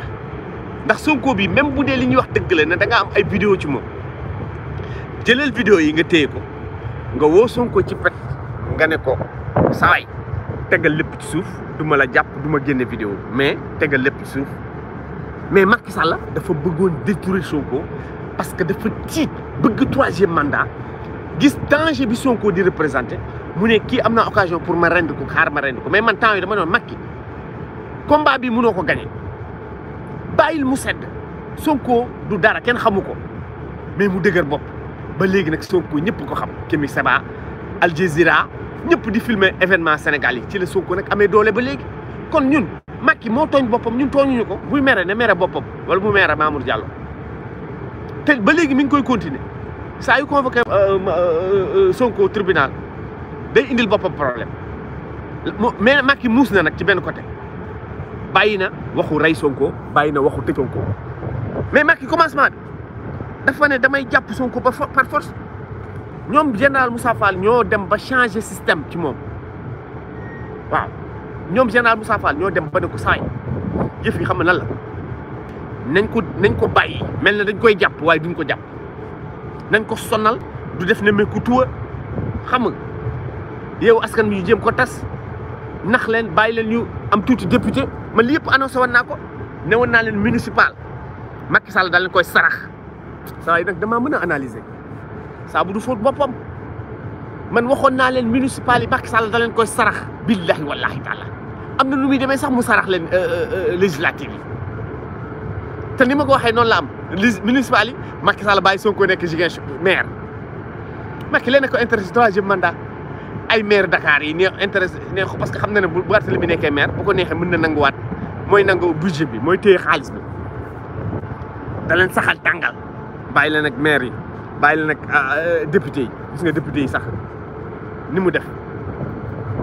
ndax Sonko bi même bu dee li ñuy wax dëgg la ne da nga am ay vidéo ci moom. jëlal vidéo yi nga téye ko nga woo Sonko ci pet nga ne ko sawaay tegal lépp ci suuf du ma la jàpp du ma génne vidéo mais tegal lépp ci suuf mais Macky Sall dafa bëggoon détruire Sonko parce que dafa tiit bëgg troisième mandat gis danger bi Sonko di représenté mu ne kii am naa occasion pour ma rendre ko xaar ma rendre ko mais man temps yi dama doon Macky combat bi mënoo ko gagné bàyyil mu sedd Sonko du dara kenn xamu ko mais mu dëgër bopp ba léegi nag Sonko ñëpp ko xam Kémi Seba Al Jazeera ñëpp di filmer événement Sénégal yi ci la Sonko nag amee doole ba léegi kon ñun Macky moo tooñ boppam ñun tooñuñu ko buy mere ne mere boppam wala mu mere Mamour Diallo te ba léegi mi ngi koy continuer saa yu convoqué euh, euh, euh, Sonko tribunal day indil boppam problème mais Macky muus na nag ci benn côté bàyyi na waxu rey Sonko bàyyi na waxu tëj Sonko mais Macky commencement dafa ne damay jàpp Sonko ba par force ñoom général Moussa Fall ñoo dem ba changer système ci moom waaw ñoom général Moussa Fall ñoo dem ba ne ko saay jëf yi xam na la nañ ko nañ ko bàyyi mel na dañ koy jàpp waaye duñ ko jàpp nañ ko sonal du def ne meeku tuwa xam nga yow askan bi ñu jéem ko tas nax leen bàyyi leen ñu am tuuti député ma li yëpp annoncé woon naa ko ne naa leen municipal Macky Sall daal koy sarax saa yi nag damaa mën a analyser saa bu du foot boppam man waxoon naa leen municipal yi Macky Sall da leen koy sarax billahi wallahi taala am na lu muy demee sax mu sarax leen euh, euh, euh, législative yi te ni ma ko waxee noonu la am municipal yi Macky Sall bàyyi Sonko nekk Ziguinchor maire Macky leen ko intéressé troisième mandat ay maire Dakar yi nee intéressé nee ko parce que xam na ne bu Barthélémy nekkee maire bu ko neexee mën na nanguwaat mooy nangu budget bi mooy téye xaalis bi da leen saxal tàngal bàyyi leen ak maire yi bàyyi leen ak ah, euh, député yi gis nga député yi sax ni mu def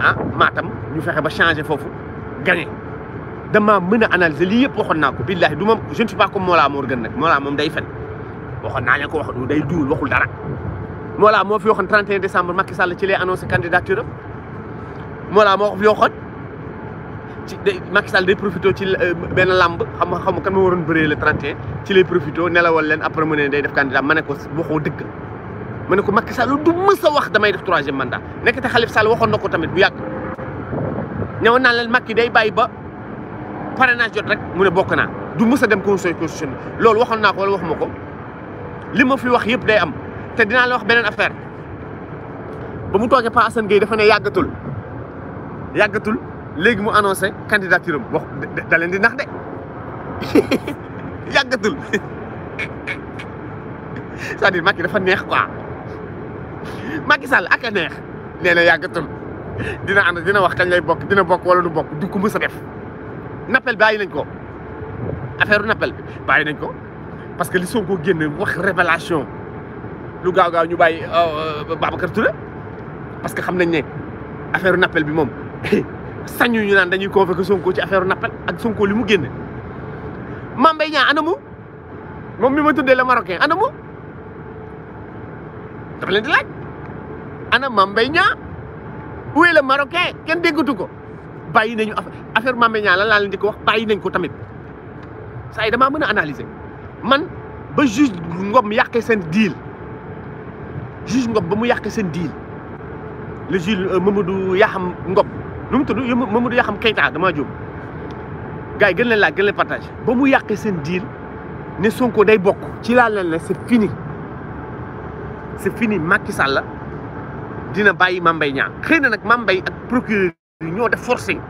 ah Matam ñu fexe ba changé foofu gagné dama mën a analyser lii yëpp waxoon naa ko billaahi du ma je ne suis pas comme moom day fen waxoon naa leen ko wax day duul waxul dara Mollah moo fi waxoon 31 décembre Macky Sall ci lay annoncé candidature am moo ko fi ci day Macky day profité ci euh, benn làmb xam nga xam nga kan ma waroon bëree le 31 ci lay profité nelawal leen après mu ne day def candidat ma ne ko waxoo dëgg ma ne ko Macky Sall du mës a wax damay def troisième mandat nekk te Khalifa Sall waxoon na ko tamit bu yàgg ñëwoon naa leen Macky day bàyyi ba parrainage jot rek mu ne bokk naa du mës a dem conseil constitution loolu waxoon naa ko wala waxuma ko li ma fi wax yëpp day am te dinaa la wax beneen affaire ba mu toogee Pa Assane Gueye dafa ne yàggatul léegi mu annoncé candidature am wax da leen di nax de yàggatul c'est-à-dire Macky dafa neex quoi Macky Sall ak a neex nee na yàggatul dina ànd dina wax kañ lay bokk dina bokk wala du bokk du ko mës a def nappel bàyyi nañ ko affaire nappel bi bàyyi nañ ko parce que li Sonko génn wax révélation lu gaaw gaaw ñu bàyyi euh, euh, Babacar Touré parce que xam nañ ne affaire nappel bi moom sañu ñu naan dañuy convoqué Sonko ci affaire nappal ak Sonko limu genn génne Mame anamu mom mi ma tuddé le marocain anamu dafa leen di laaj ana Mame Mbaye Niang où est le marocain ken déggutu ko bayyi nañu affaire Mame Mbaye la la leen di ko wax bayyi nañ ko tamit say dama mëna analyser man ba juge Ngom yaqé sen deal juge Ngom ba mu yaqé sen deal le juge euh, Mamadou yaham Ngom. nu mu tudd Mamadou Yaxam Keita damaa juum gars yi gën leen laaj gën leen partage ba mu yàqee seen diil ne Sonko day bokk ci laa leen ne c'est fini c'est fini Macky Sall dina bàyyi Mame Mbaye Niang xëy na nag Mame Mbaye ak procureur yi ñoo def forcing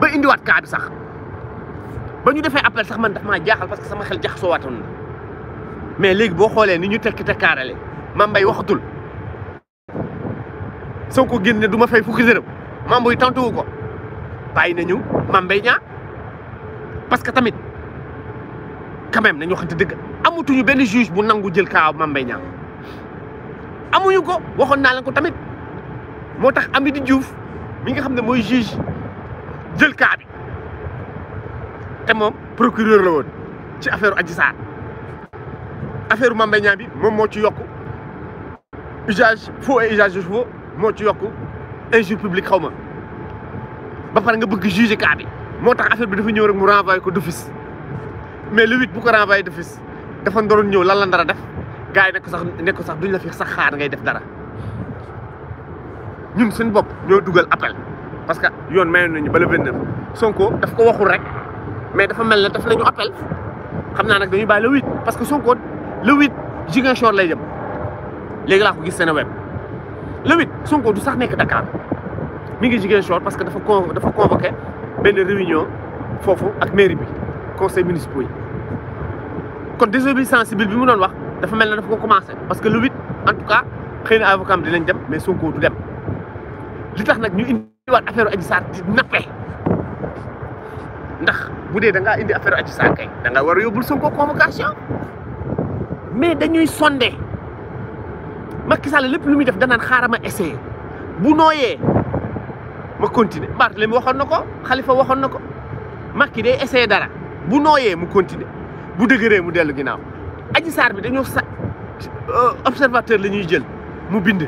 ba indiwaat cas sax ba ñu defee appel sax man daf maa jaaxal parce que sama xel jax soowaatoon na mais léegi boo xoolee ni ñu tekki tekkaarale Mame Mbaye waxatul Sonko génn ne du ma fay fukki dërëm Mame Boye tontuwu ko bàyyi nañu Mame parce que tamit quand même nañu waxante dëgg amatuñu benn juge bu nangu jël kaaw Mame amuñu ko waxoon naa la ko tamit moo tax Amady Diouf mi nga xam ne mooy juge jël kaa te moom procureur la woon ci affaire Adji Sarr affaire Mame Mbaye moom moo ci yokk usage faux et usage de faux moo ci yokk injure publique xaw ma ba pare nga bëgg juger cas moo tax affaire bi dafa ñëw rek mu renvoyé ko d'office mais le huit bu ko renvoyé d'office dafa ndoroon ñëw lan la ndara def gars yi nekk sax nekk sax duñ la fi sax xaar ngay def dara ñun suñ bopp ñoo dugal appel parce que yoon mayoon nañu ba le vingt Sonko daf ko waxul rek mais dafa mel ne daf nañu appel xam naa nag dañuy bàyyi le parce que Sonko le huit Ziguinchor lay jëm léegi laa ko gis seen web le huit Sonko du sax nek Dakar mi ngi short parce que dafa dafa convoqué ben réunion fofu ak mairie bi conseil municipal kon désobéissance civile bi mu doon wax dafa melni dafa ko commencer parce que le huit en tout cas xëy avocat am dinañ dem mais Sonko du dem li tax nak ñu indi indiwaat affaire Adji Sarr di nappe ndax boudé da nga indi affaire Adji Sarr kay da nga war yobul Sonko convocation mais dañuy sondé. Macky Sall lépp lu muy def danaan xaaral ma essayé bu nooyee ma continuer Barthélémy waxoon na ko Khalifa waxoon na ko Macky day essayé dara bu nooyee mu continuer bu dëgëree mu dellu ginnaaw. Adji Sarr bi dañoo sa euh, observateur la ñuy jël mu bind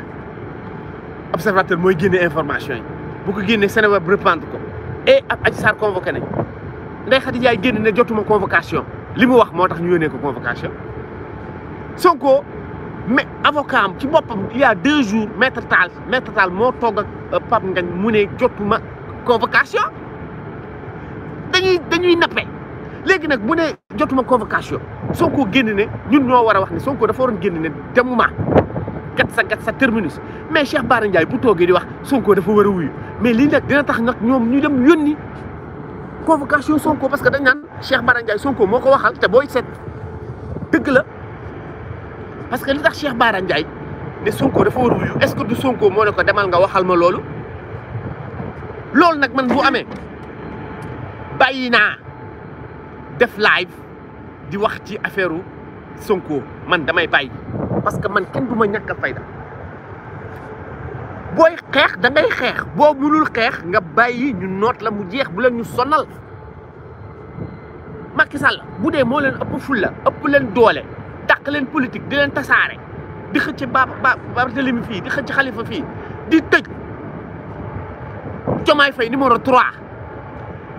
observateur mooy génne information yi bu ko génne génnee Seneweb reprendre ko et ab Adji Sarr convoqué nañ Ndeye Khady génn ne jotuma convocation li mu wax moo tax ñu yónnee ko convocation Sonko. mais avocat am ci boppam il y a deux jours maître tal maître tal mo toog ak euh, pap Ngañ mune jotuma convocation dañuy dañuy nappe légui nak bu jotuma convocation Sonko guenné ne ñun ñoo wara wax ne Sonko dafa waroon guenné demuma kat sa gat sa terminus mais Cheikh Bara Ndiaye bu toogee di wax Sonko dafa wara a wuyu mais li nak dina tax nak ñom ñu dem yoni convocation Sonko parce que dañ nan Cheikh Bara Ndiaye Sonko moo waxal té boy set deug la. parce que lutax Cheikh Bara Ndiaye ne Sonko dafa war a wuyu est-ce que du Sonko mo ne ko demal nga waxal ma lolou lolou nak man bu amé bayina def live di wax ci affaireu Sonko man damay bay parce que man ken duma ma a fayda boy xex da ngay xeex boo mënul xex nga bayyi ñu note la mu jeex bu len ñu sonal Macky Sall bu mo len upp fulla upp len doole dàq leen politique di leen tasaare di xëcc ci ba fii di xëcc ci Khalifa fii di tëj Diomaye Faye numéro 3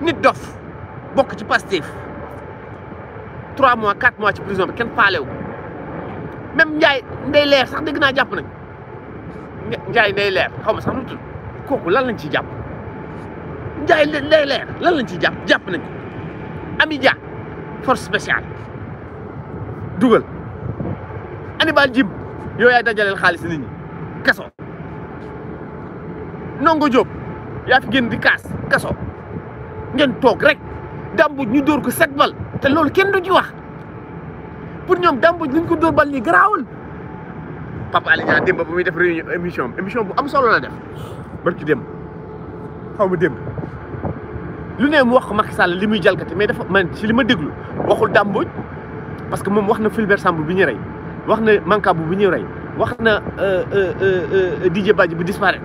nit dof bokk ci Pastef 3 mois 4 mois ci prison bi kenn même Ndiaye Ndeye Leer sax dégg naa jàpp nañ Ndiaye Ndeye Leer xaw ma sax nu tudd kooku lan lañ ciy jàpp Ndiaye Ndeye lan lañ ciy jàpp jàpp nañ ko Amidia force spéciale dugal anibal Djim yo ya dajaleel khalis nit ñi kasso nongo job ya fi génn di kas kasso ngeen tok rek dambu ñu door ko set bal te loolu kenn du ci wax pour ñom dambu ñu ko door bal ni grawul Papa ali ñaan démb ba muy def réunion émission émission bu am solo la def barki dem xaw ma démb lu ne mu wax ko Macky Sall li muy jalkati mais dafa man ci lima deglu waxul dambu parce que mom waxna Fulbert Sambou bi ñu wax na Mancabou bu ñu rey wax na euh, euh, euh, Didier Badji bu disparaître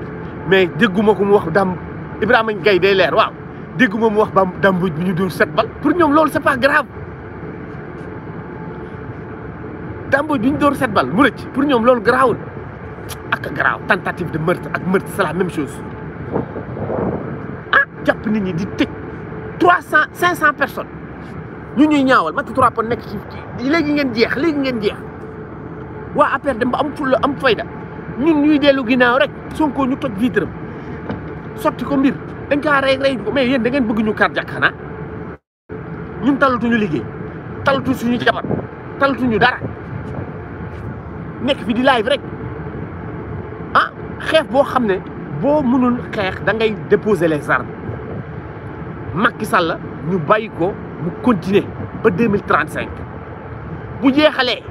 mais dégguma ko mu wax dam Ibrahima Gaye day leer waaw dégguma mu wax ba dambuj bu ñu dóor set bal pour ñoom loolu c'est pas grave dambuj bu ñu dóor set mu rëcc pour ñoom loolu garaawul ak garaaw tentative de meurtre ak meurtre c'est la même chose ah jàpp nit ñi di tëj trois cent cinq cent personnes ñu ñuy ñaawal mat trois pon nekk ci léegi ngeen jeex léegi ngeen jeex waa APR dem ba am fulla am fayda ñun ñuy dellu ginnaaw rek Sonko ñu toj vitre am sotti ko mbir dañ kaa rey rey ko mais yéen da ngeen bëgg ñu kàr jàkk xanaa ah? ñun talatuñu liggéey talatuñ suñu jabar talatuñu dara nekk fi di live rek ah xeex boo xam ne boo mënul xeex da ngay déposer les armes Macky Sall ñu bàyyi ko mu continuer ba deux mille trente cinq bu jeexalee.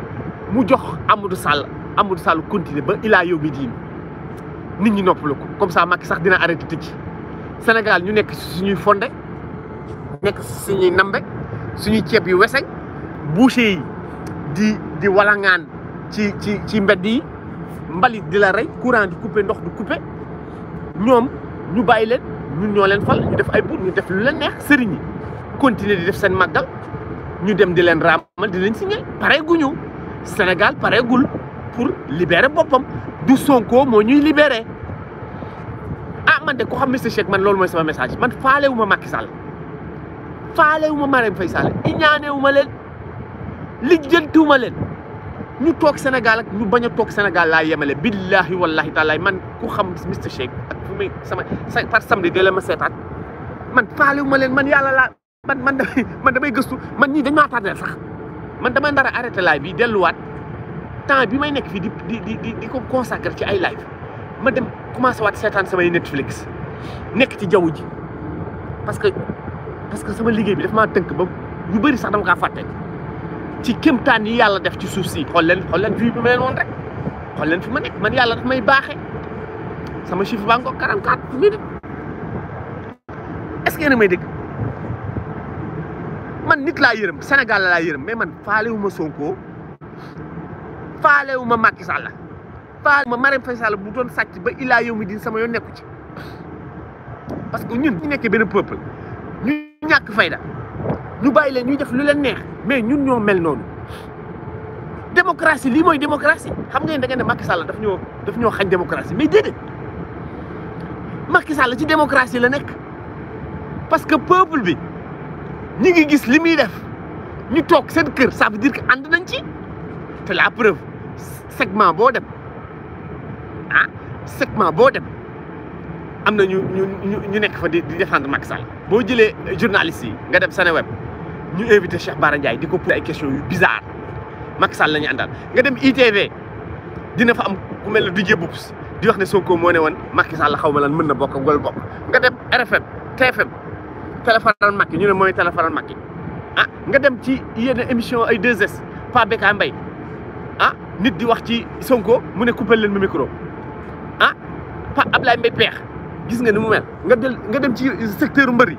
mu jox Amadou Sall Amadou Sall continuer ba ila yow mi diin nit ñi noppalu ko comme ça makki sax dina arrêté tëj Sénégal ñu nek suñuy fonde nek suñuy nambe suñuy ciép yu wessé boucher di di walangan, ci ci ci mbedd yi mbalit di la ray courant di couper ndox di couper ñom ñu bayilé ñun ñoo leen fal ñu def ay bout ñu def lu leen neex sëriñ yi continuer di def seen magal ñu dem di leen ramal di leen signé pare guñu Sénégal pareegul pour libérer bopam du Sonko mo ñuy libérer ah man de ko xam Mister cheikh man lool moy sama message man faale wu Macky Sall faale wu ma Faye Sall iñaane wu ma leen lijjanti ñu tok Sénégal ak ñu baña tok Sénégal la yemale billahi wallahi taala man ko xam Mister cheikh ak fu sama par samedi de la ma sétat man faale wu ma man yalla la man man man damay gëstu man ñi dañ ma tardeel sax man dama nar a arrêté bi delluwaat temps bi may nekk fii di di di di ko consacré ci ay live ma dem commencé waat seetaan samay Netflix nekk ci jaww ji parce que parce que sama liggéey bi daf ma tënk ba ñu bëri sax dama kaa fàtte ci kéemtaan yi yàlla def ci suuf si xool leen xool leen ma fi ma nekk man yàlla daf may baaxee sama chiffre baa ngoog 44 minutes est-ce que yéen may dégg. man nit laa yërëm Sénégal laa yërëm mais man faalewu ma Sonko faalewu ma Macky la faalewu ma Marème Faye Sall bu doon sàcc ba illaa yow mi din sama yoo nekku ci parce que ñun ñu nekkee benn peuple ñu ñàkk fayda ñu bàyyi leen ñuy def lu leen neex mais ñun ñoo mel noonu démocratie lii mooy démocratie xam ngeen da ngeen ne Macky Sall daf ñoo daf ñoo xañ démocratie mais déedéet Macky Sall ci démocratie la nekk parce que peuple bi ñi ngi gis li muy def ñu toog seen kër ça veut dire ànd nañ ci te la preuve segment boo dem ah segment boo dem am na ñu ñu ñu nekk fa di di défendre Macky Sall boo jëlee journaliste yi nga dem Seneweb ñu invité Cheikh Bara Ndiaye di ko poser ay question yu bizarre Macky Sall la ñu àndal nga dem ITV dina fa am ku mel ne Didier Boups di wax ne Sonko moo ne woon Macky Sall xaw ma lan mën na bokk wala bokk nga dem RFM TFM. téléphonal Macky ñu ne mooy téléphonal Macky ah nga dem ci yenn émission ay 2S Pa Bécaye mbay ah nit di wax ci Sonko mu ne coupé leen mu micro ah Pa Ablaye Mbaye peex gis nga ni mu mel nga del nga dem ci secteur mbari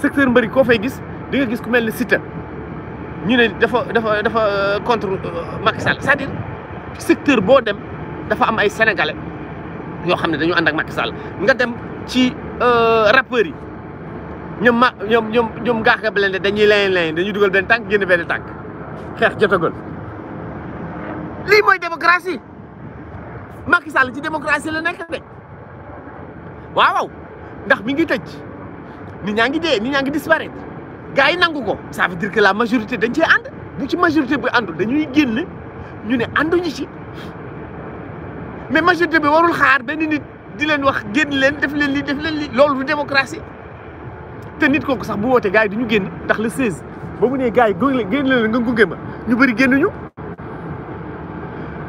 secteur mbari koo fay gis di gis ku mel ni Siteu ñu ne dafa dafa dafa euh, contre euh, Macky Sall cest dire secteur boo dem dafa am ay sénégalais yoo xam ne dañu ànd ak Macky Sall nga dem ci euh, rappeurs yi ñom ñom ñom ñom gax ka blende dañuy leen leen dañuy duggal ben tank genn ben tank xex jotagul li moy démocratie Macky Sall ci démocratie la nek de waaw ndax mi ngi tejj ni ñangi dé ni ñangi ñaa ngi disparaître gars yi nangu ko ça veut dire que la majorité dañ ci and bu ci majorité bu àndul dañuy genn ñu andu ànduñu ci mais majorité bi warul xaar ben nit di len wax genn len def len li def len li loolu démocratie te nit kooku sax bu wootee gars yi du ñu génn ndax la 16 ba mu nee gars yi góor génn la nga gunge ma ñu bëri génnuñu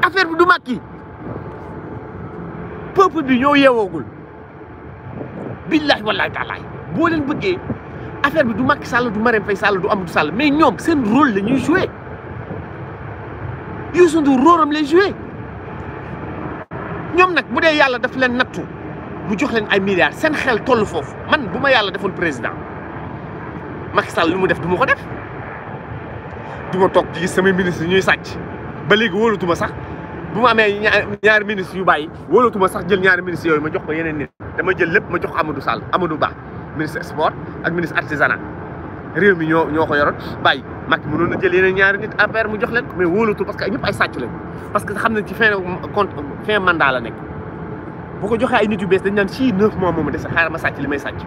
affaire bi du Macky peuple bi ñoo yeewoogul billahi wallahi taalaay boo leen bëggee affaire bi du Macky Sall du Marème Faye Sall du Amadou Sall mais ñoom seen rôle la ñuy joué Youssou Ndour rôlam lay joué ñoom nag bu dee yàlla daf leen nattu mu jox leen ay milliards seen xel toll foofu man bu ma yàlla defoon président Macky Sall lu mu def du ma ko def du ma toog di gis samay ministre ñuy sàcc ba léegi wóolatuma sax bu ma amee ñaari ministre yu bàyyi wóolatuma sax jël ñaari ministre yooyu ma jox ko yeneen nit dama jël lépp ma jox Amadou Sall Amadou baax ministre sport ak ministre artisanat réew mi ñoo ñoo ko yoroon bàyyi Macky mënoon na jël yeneen ñaari nit affaire mu jox leen mais wóolatul parce que ñëpp ay sàcc lañ parce que xam nañ ci fin compte fin mandat la nekk bu ko joxee ay nit yu bees dañ naan sii neuf mois moom des xaaral ma sàcc li may sàcc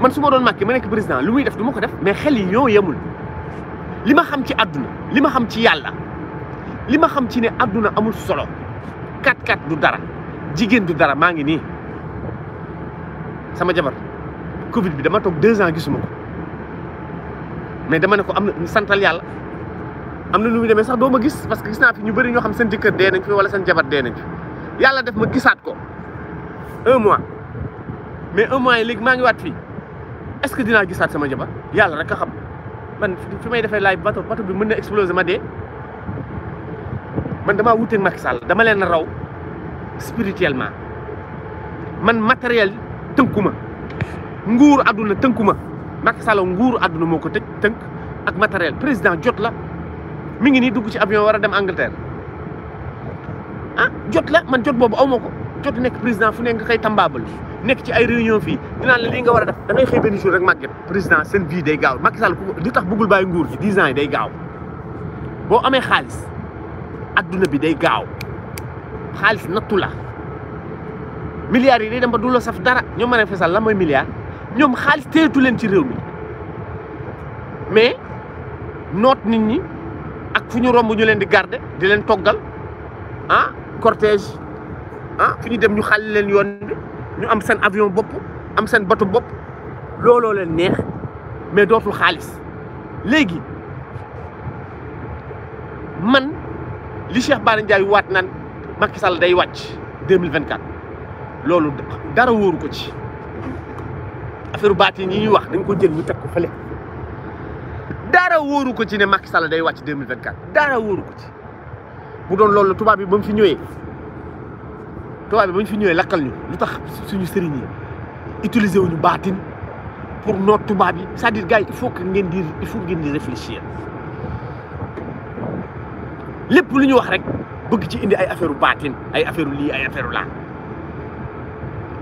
man su ma doon Macky ma nekk président lu muy def du ma ko def mais xel yi ñoo yemul li ma xam ci àdduna li ma xam ci yàlla li ma xam ci ne àdduna amul solo kat kat du dara jigéen du dara maa ngi nii sama jabar Covid bi dama toog deux ans gisuma ko mais dama ne am na santal yàlla am na lu muy demee sax doo ma gis parce que gis naa fi ñu bëri ñoo xam seen jëkkër dee nañ fi wala seen jabar dee nañ yalla def ma gissat ko un mois mais un mois lig ma ngi wat fi est ce que dina gissat sama jaba yalla rek a xam man fi may defé live bato bato bi meuna exploser ma dé man damaa wuteeg Macky Sall dama len raw spirituellement man matériel teunkuma ma nguur aduna teunkuma ma Macky Sall nguur aduna moko ko tëj ak matériel président jot la mi ngi ni dugg ci avion wara dem Angleterre. ah jot la man jot boobu aw ko jot nekk président fu ne nga koy tambaabal nekk ci ay réunion fii dinaa la lii nga war a def da ngay xëy benn jour rek màgget président seen vie day gaaw Macky saal li tax bëggul bàyyi nguur gi dix ans yi day amee xaalis adduna bi day gaaw xaalis nattu la milliards yi day dem ba du la saf dara ñoom Marième Faye Sall la mooy milliard ñoom xaalis teetu leen ci réew mi mais noot nit ñi ak fu ñu romb ñu leen di garder di leen toggal ah, cortège ah fi ñu dem ñu xal leen yoon ñu am seen avion bopp am seen batu bopp looloo leen neex mais dootul xaalis léegi man li Cheikh Bara Ndiaye waat naan Macky Sall day wàcc 2024 loolu dara wóoru ko ci affaire baat yi ñuy wax dañ ko jël ñu teg ko fële dara wooru ko ci ne Macky Sall day wàcc 2024 dara wóoru ko ci. budon doon loolu tubaab bi bam mu fi ñëwee tubaab bi ba mu fi ñëwee lakal ñu lutax suñu sëriñ yi utiliser wuñu batine pour notre tubaab bi c'est-à-dire gars il faut que ngeen dir il faut ngeen di réfléchir lépp lu ñu wax rek bëgg ci indi ay affaireu batine ay affaireu li ay affaireu la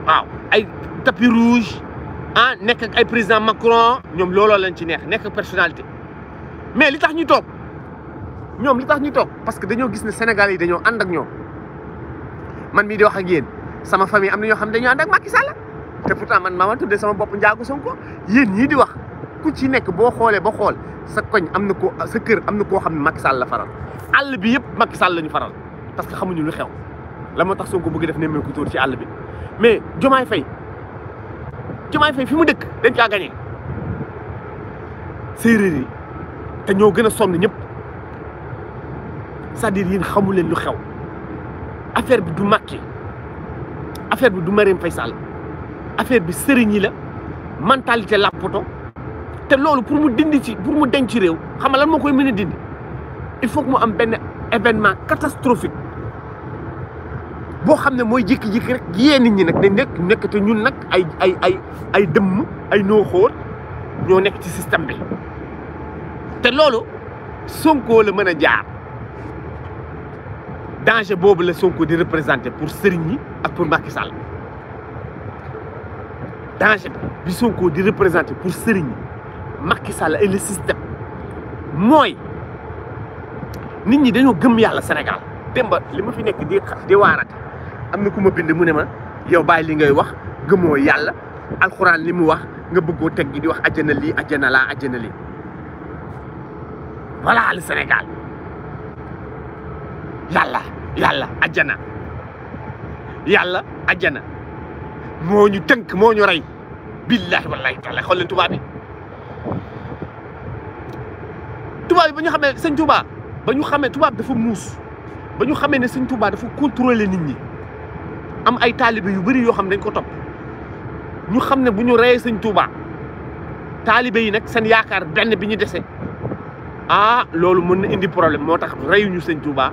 waaw ay tapis rouge ah nek ak ay président Macron ñom looloo lañ ci neex nek personnalité mais li tax ñu top ñoom li tax ñu toog parce que dañoo gis ne Sénégal yi dañoo ànd ak ñoom man mii di wax ak yéen sama famille am na ñoo xam ne dañoo ànd ak Macky Sall te pourtant man maa ma tuddee sama bopp njaago Sonko yéen ñii di wax ku ci nekk boo xoolee ba xool sa koñ am na ko sa kër am na koo xam ne Macky Sall la faral àll bi yëpp Macky Sall la ñu faral parce que xamuñu lu xew la moo tax Sonko bëgg def nemmeeku tóor ci àll bi mais Jomaay Fay Jomaay Fay fi mu dëkk dañ caa gañee séeréer yi te ñoo gën a sonn ñëpp. c'est-à-dire yéen xamu leen lu xew affaire bi du Macky affaire bi du Marième Faye Sall affaire bi sëriñ yi la mentalité làppoto te loolu pour mu dindi ci pour mu denc ci réew xam nga lan moo koy mën a dindi il faut que mu am benn événement catastrophique boo xam ne mooy jékki-jékki rek yee nit ñi nag dañ nekk nekk te ñun nag ay ay ay ay dëmm ay nooxóor ñoo nekk ci système bi te loolu Sonko la mën a jaar. danger sont le Sonko di représenté pour Sérigny ak pour Macky Sall danger bi Sonko pour Sérigny, et le système moy nit ñi gëm Sénégal demba li fi nek di di waarate amna kuma bind mu ne ma yow li ngay wax gëmo yalla alcorane wax nga di voilà le Sénégal Yalla. yàlla ajjana yàlla ajjana moo ñu tënk moo ñu rey billahi wallahi taala xool leen tubaab bi tubaab bi ba ñu xamee sëñ tubaab ba ñu xamee tubaab dafa muus ba ñu xamee ne sëñ tubaab dafa contrôler nit ñi am ay taalibe yu bari yoo xam dañ ko topp ñu xam ne bu ñu reyee sëñ tubaab taalibe yi nag seen yaakaar benn bi ñu desee ah loolu mën na indi problème moo tax reyuñu sëñ tubaab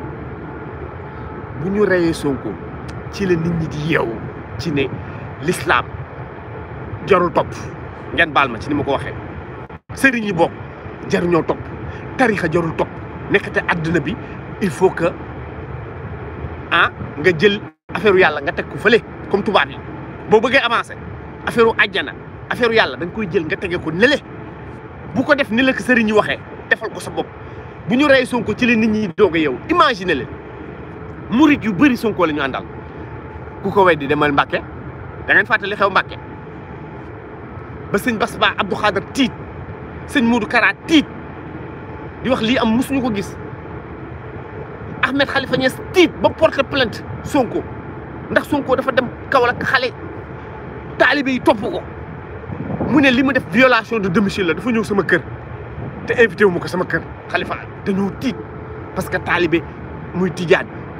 buñu ñu Sonko ci la nit ñi di yew ci né l'islam jarul top ngeen bal ma ci ni ma ko waxee sëriñ yi bokk top topp tarixa jarul aduna bi il faut que ah nga jël affaireu yalla nga tek ko feulé comme tubaab yi bo bëggé avancer affaireu aljana affaireu yalla yàlla koy jël nga tege ko nele bu ko def ni la ko sëriñ yi waxé defal ko sa bop buñu Sonko ci li nit ñi doga yow imagine le. Murid yu bari sonko lañu andal ku ko wedd demal mbacke da ngeen fatali xew mbacke ba seigne abdou khader tit seigne moudou kara tit di wax li am musuñu ko gis ahmed khalifa ñes tit ba porter plainte sonko ndax sonko dafa dem kawlak khalé talibé yi top ko mune li def violation de domicile la dafa ñew sama kër té invité wu ma ko sama kër khalifa dañu tit parce que talibé muy tidiane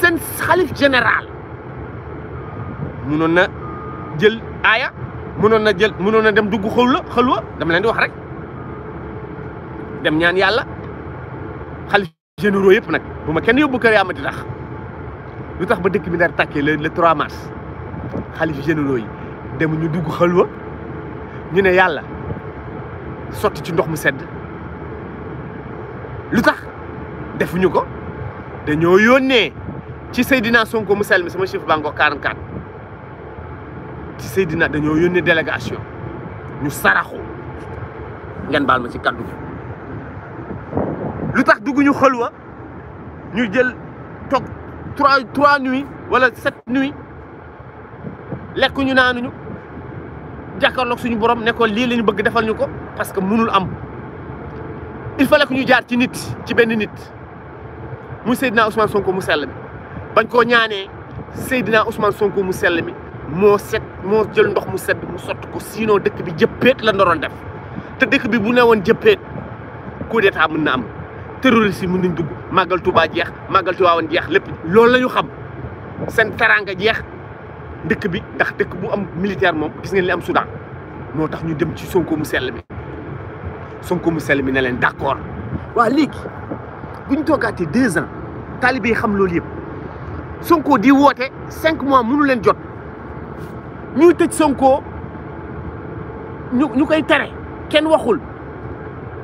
seen xalif général munoon na jël aaya munoon na jël munoon na dem dugg xawla xalwa dama leen di wax rek dem ñaan yàlla xalif généraux yëpp nag bu ma kenn yóbbu kër yaa ma tax lu tax ba dëkk bi ndar tàkkee le le 3 mars xalif généraux yi dem ñu dugg xalwa ñu ne yàlla sotti ci ndox mu sedd lu tax defuñu ko. dañoo yónnee ci Seydina Sonko mu sell mi sama chiffre bango 44 ci Seydina dañoo yónnee délégation ñu saraxu ngeen baal ma ci kaddu gi lu tax dugg ñu xëlwa ñu jël toog trois trois nuits wala sept nuits lekkuñu naanuñu jàkkaarloog suñu borom ne lii la ñu bëgg defal ñu ko parce que munul am il fallait que jaar ci nit ci benn nit. Mu sayidina Ousmane Sonko mu sell mi bañ ko ñaanee sayidina Ousmane Sonko mu sell mi moo set mo jël ndox mu sedd mu sotti ko sino dekk bi jeppet la ndoron def te dekk bi bu newon jeppet coup d'état mën na am terroriste mën nañ dugg magal Touba jeex màggal won jeex lepp loolu lañu xam sen taranga jeex dekk bi ndax dekk bu am militaire mom gis ngeen li am Soudan moo tax ñu dem ci Sonko mu sell Sonko mu sell mi ne d'accord wa buñ ñu 2 deux ans xam Sonko di woté cinq mois mënu jot ñuy tej Sonko ñu ñukay téré waxul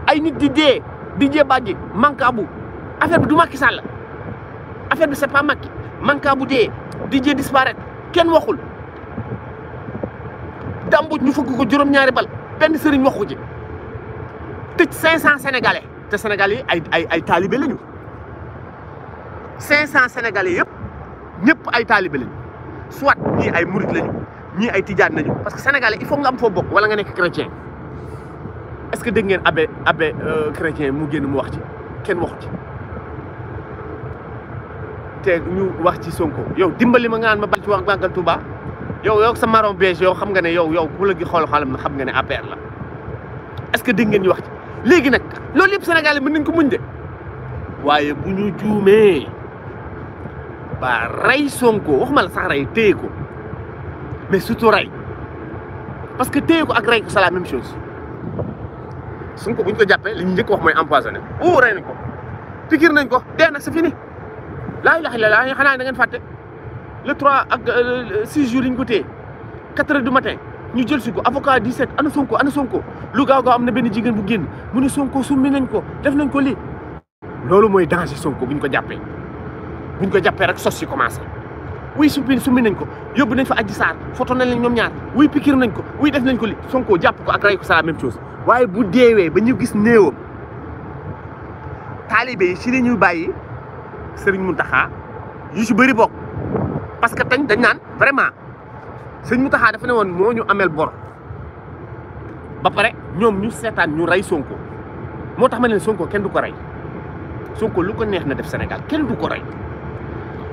ay nit di en di affaire bi du Macky Sall affaire bi c'est pas disparaître kenn waxul nous ñu fukk ko ñaari bal sëriñ waxu ci tej 500 sénégalais te Sénégal yi ay ay ay taalibe lañu 500 sénégalais yëpp ñëpp ay taalibe lañu soit ñii ay murit lañu ñii ay tijaan lañu parce que sénégalais il faut nga am foo bokk wala nga nekk chrétien est-ce que dégg ngeen abe abbé euh, mu génn mu wax ci kenn wax ci te ñu wax ci Sonko yow dimbali ma nga naan ma bal ci wax Màggal Touba yow yow sa marron beige yow xam nga ne yow yow ku la gi xool xoolam na xam nga ne APR la est-ce que dégg ngeen ñu wax ci léegi nag loolu yëpp Sénégal yi mën nañ ko muñ de waaye bu ñu juumee ba rey Sonko ma la sax rey téye ko mais surtout rey parce que téye ko ak rey ko c'est la même chose Sonko bu ñu ko jàppee li ñu njëkk wax mooy empoisonné o rey nañ ko pikir nañ ko dee nag c'est fini laa ilaha illallah xanaa da ngeen fàtte le 3 ak 6 euh, jours yi ñu ko téye 4 heures du matin ñu jël si ko di set ana Sonko ana Sonko lu gaaw gaaw am na benn jigéen bu génn mu ne Sonko summi nañ ko def nañ ko li loolu mooy danger Sonko bu ko jàppee bu ko jàppee rek sos si commencé wuy summi summi nañ ko yóbbu nañ fa Adji Sarr foto na leen ñoom ñaar wuy pikir nañ ko wuy def nañ ko li Sonko jàpp ko ak rey ko sa même chose waaye bu deewee ba ñu gis néewam taalibe yi si la ñuy bàyyi Serigne Mountakha yu si bëri bokk parce que tañ dañ naan vraiment. sëñ Mountakha dafa ne woon moo ñu ameel bor ba pare ñoom ñu seetaan ñu rey Sonko moo tax ma ne Sonko kenn du ko rey Sonko lu ko neex na def Sénégal kenn du ko rey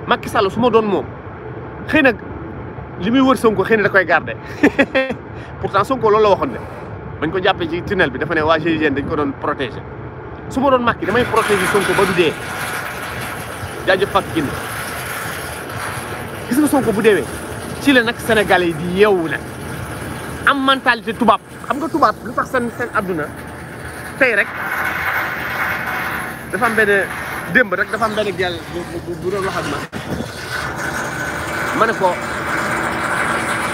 Macky Sall su ma doon moom xëy na li muy wër Sonko xëy na koy garder [laughs] pourtant Sonko loolu la waxoon ne ko jàppee ci tunnel bi dafa ne waa GIGN dañ ko doon protéger su ma doon ki damay protéger Sonko ba du dee jaajëf Fatou Kiné gis nga Sonko bu deewee. ci la nak sénégalais di yeewu nag am mentalité tubaab xam nga tubaab lu tax sen sen aduna tay rek dafa am ben démb rek dafa am ben gel bu doon wax ak ma mané ko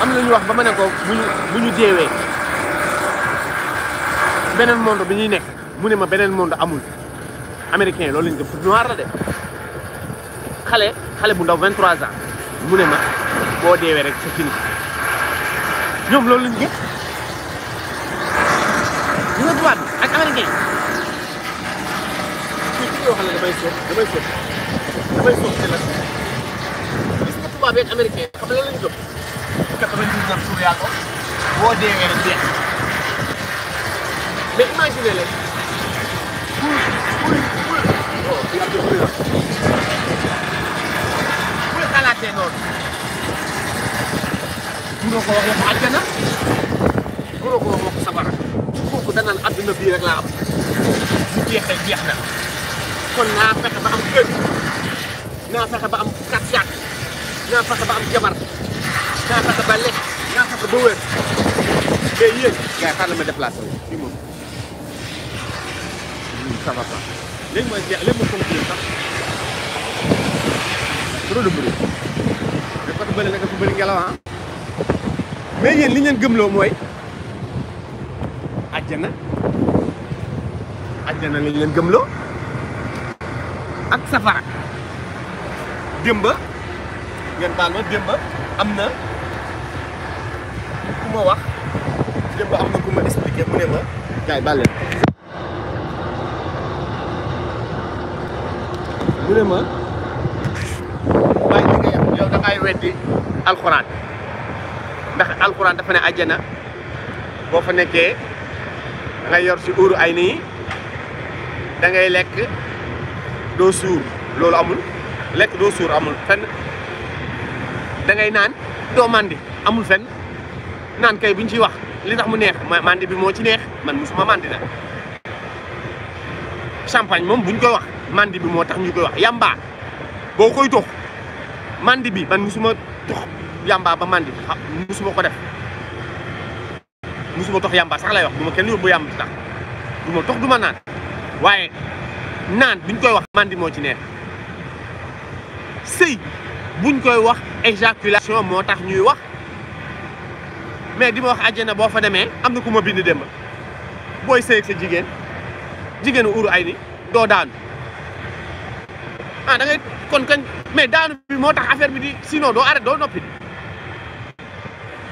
am lañu wax ba mané ko buñu buñu bu benen monde biñuy nek mune ma benen monde amul américain lolou lañ def noir la de xale xale bu ndaw 23 ans mune ma. boo deewee rek c'est fini ñoom loolu lañ gis ñu nga tubaab bi ak américain yi kii yoo xam ne damay sóob damay sóob damay sóob ci la gis nga tubaab yi ak américain yi xam nga lañ jóg quatre-vingt-dix-neuf jours rek jeex mais imaginez leen oh il y a des bruits là pour xalaatee noonu mënoo ko wax yàq àjjana mënoo ko wax wax safara kooku danaan àdduna bii rek laa am bu jeexee jeex na kon naa fexe ba am kër naa fexe ba am kat yàq naa fexe ba am jabar naa fexe ba lekk naa fexe ba wér mais yéen gars xaaral ma déplacé wu fii ça va pas jeex trop de bruit mais côté bële nag dafa mais yéen li ngeen gëmloo mooy àjjana àjjana liñ leen gëmloo ak safara démba ngeen baal ma démba am na ku ma wax démba am na ku ma expliqué mu ne ma gaay baal leen mu ne ma waaye li ngay am yow da weddi alxuraan ndax alquran dafa ne aljana bo fa nekké nga yor ci uuru ay nii da ngay lek do sour lolu amul lek do sour amul fenn da ngay nan do mandi amul fenn nan kay buñ ci wax li tax mu neex mandi bi mo ci neex man musuma mandi na champagne mom buñ koy wax mandi bi mo tax ñu koy wax yamba bokoy mandi bi man musuma yamba ba mandi musuma ko def musuma tok yamba sax lay wax duma kenn yobbu yamba tax duma tok duma nan waye nan buñ koy wax mandi mo ci neex sey buñ koy wax ejaculation moo tax ñuy wax mais di ma wax aljana bo fa demee am kuma bind dem boy sey ak sa jigen jigen uuru ay ni do daan ah da ngay kon kan mais daanu bi motax affaire bi di sino do arrêté do nopi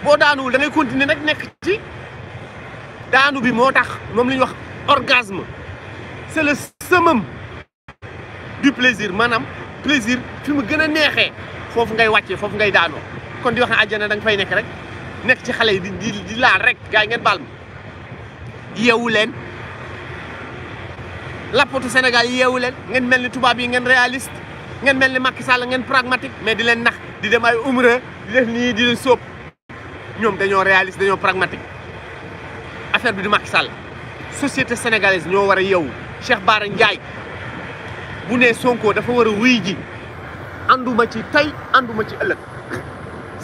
boo daanuwul da ngay continuer rek nekk ci daanu bi moo tax moom la wax orgasme c'est le summum du plaisir maanaam plaisir fi mu gën a neexee foofu ngay wàccee foofu ngay daanoo kon di wax ne àjjana da nga fay nekk rek nekk ci xale yi di di laal rek gaa yi ngeen baal ma yeewu leen lappatu Sénégal yeewu leen ngeen mel ni tubaab yi ngeen réaliste ngeen mel ni Macky Sall ngeen pragmatique mais di leen nax di dem ay umra di di leen sóob ñoom dañoo réaliste dañoo pragmatique affaire bi du Macky Sall société sénégalaise ñoo war a yow Cheikh Bara Ndiaye bu nee Sonko dafa war a wuy ji anduma ci tey anduma ci ëllëg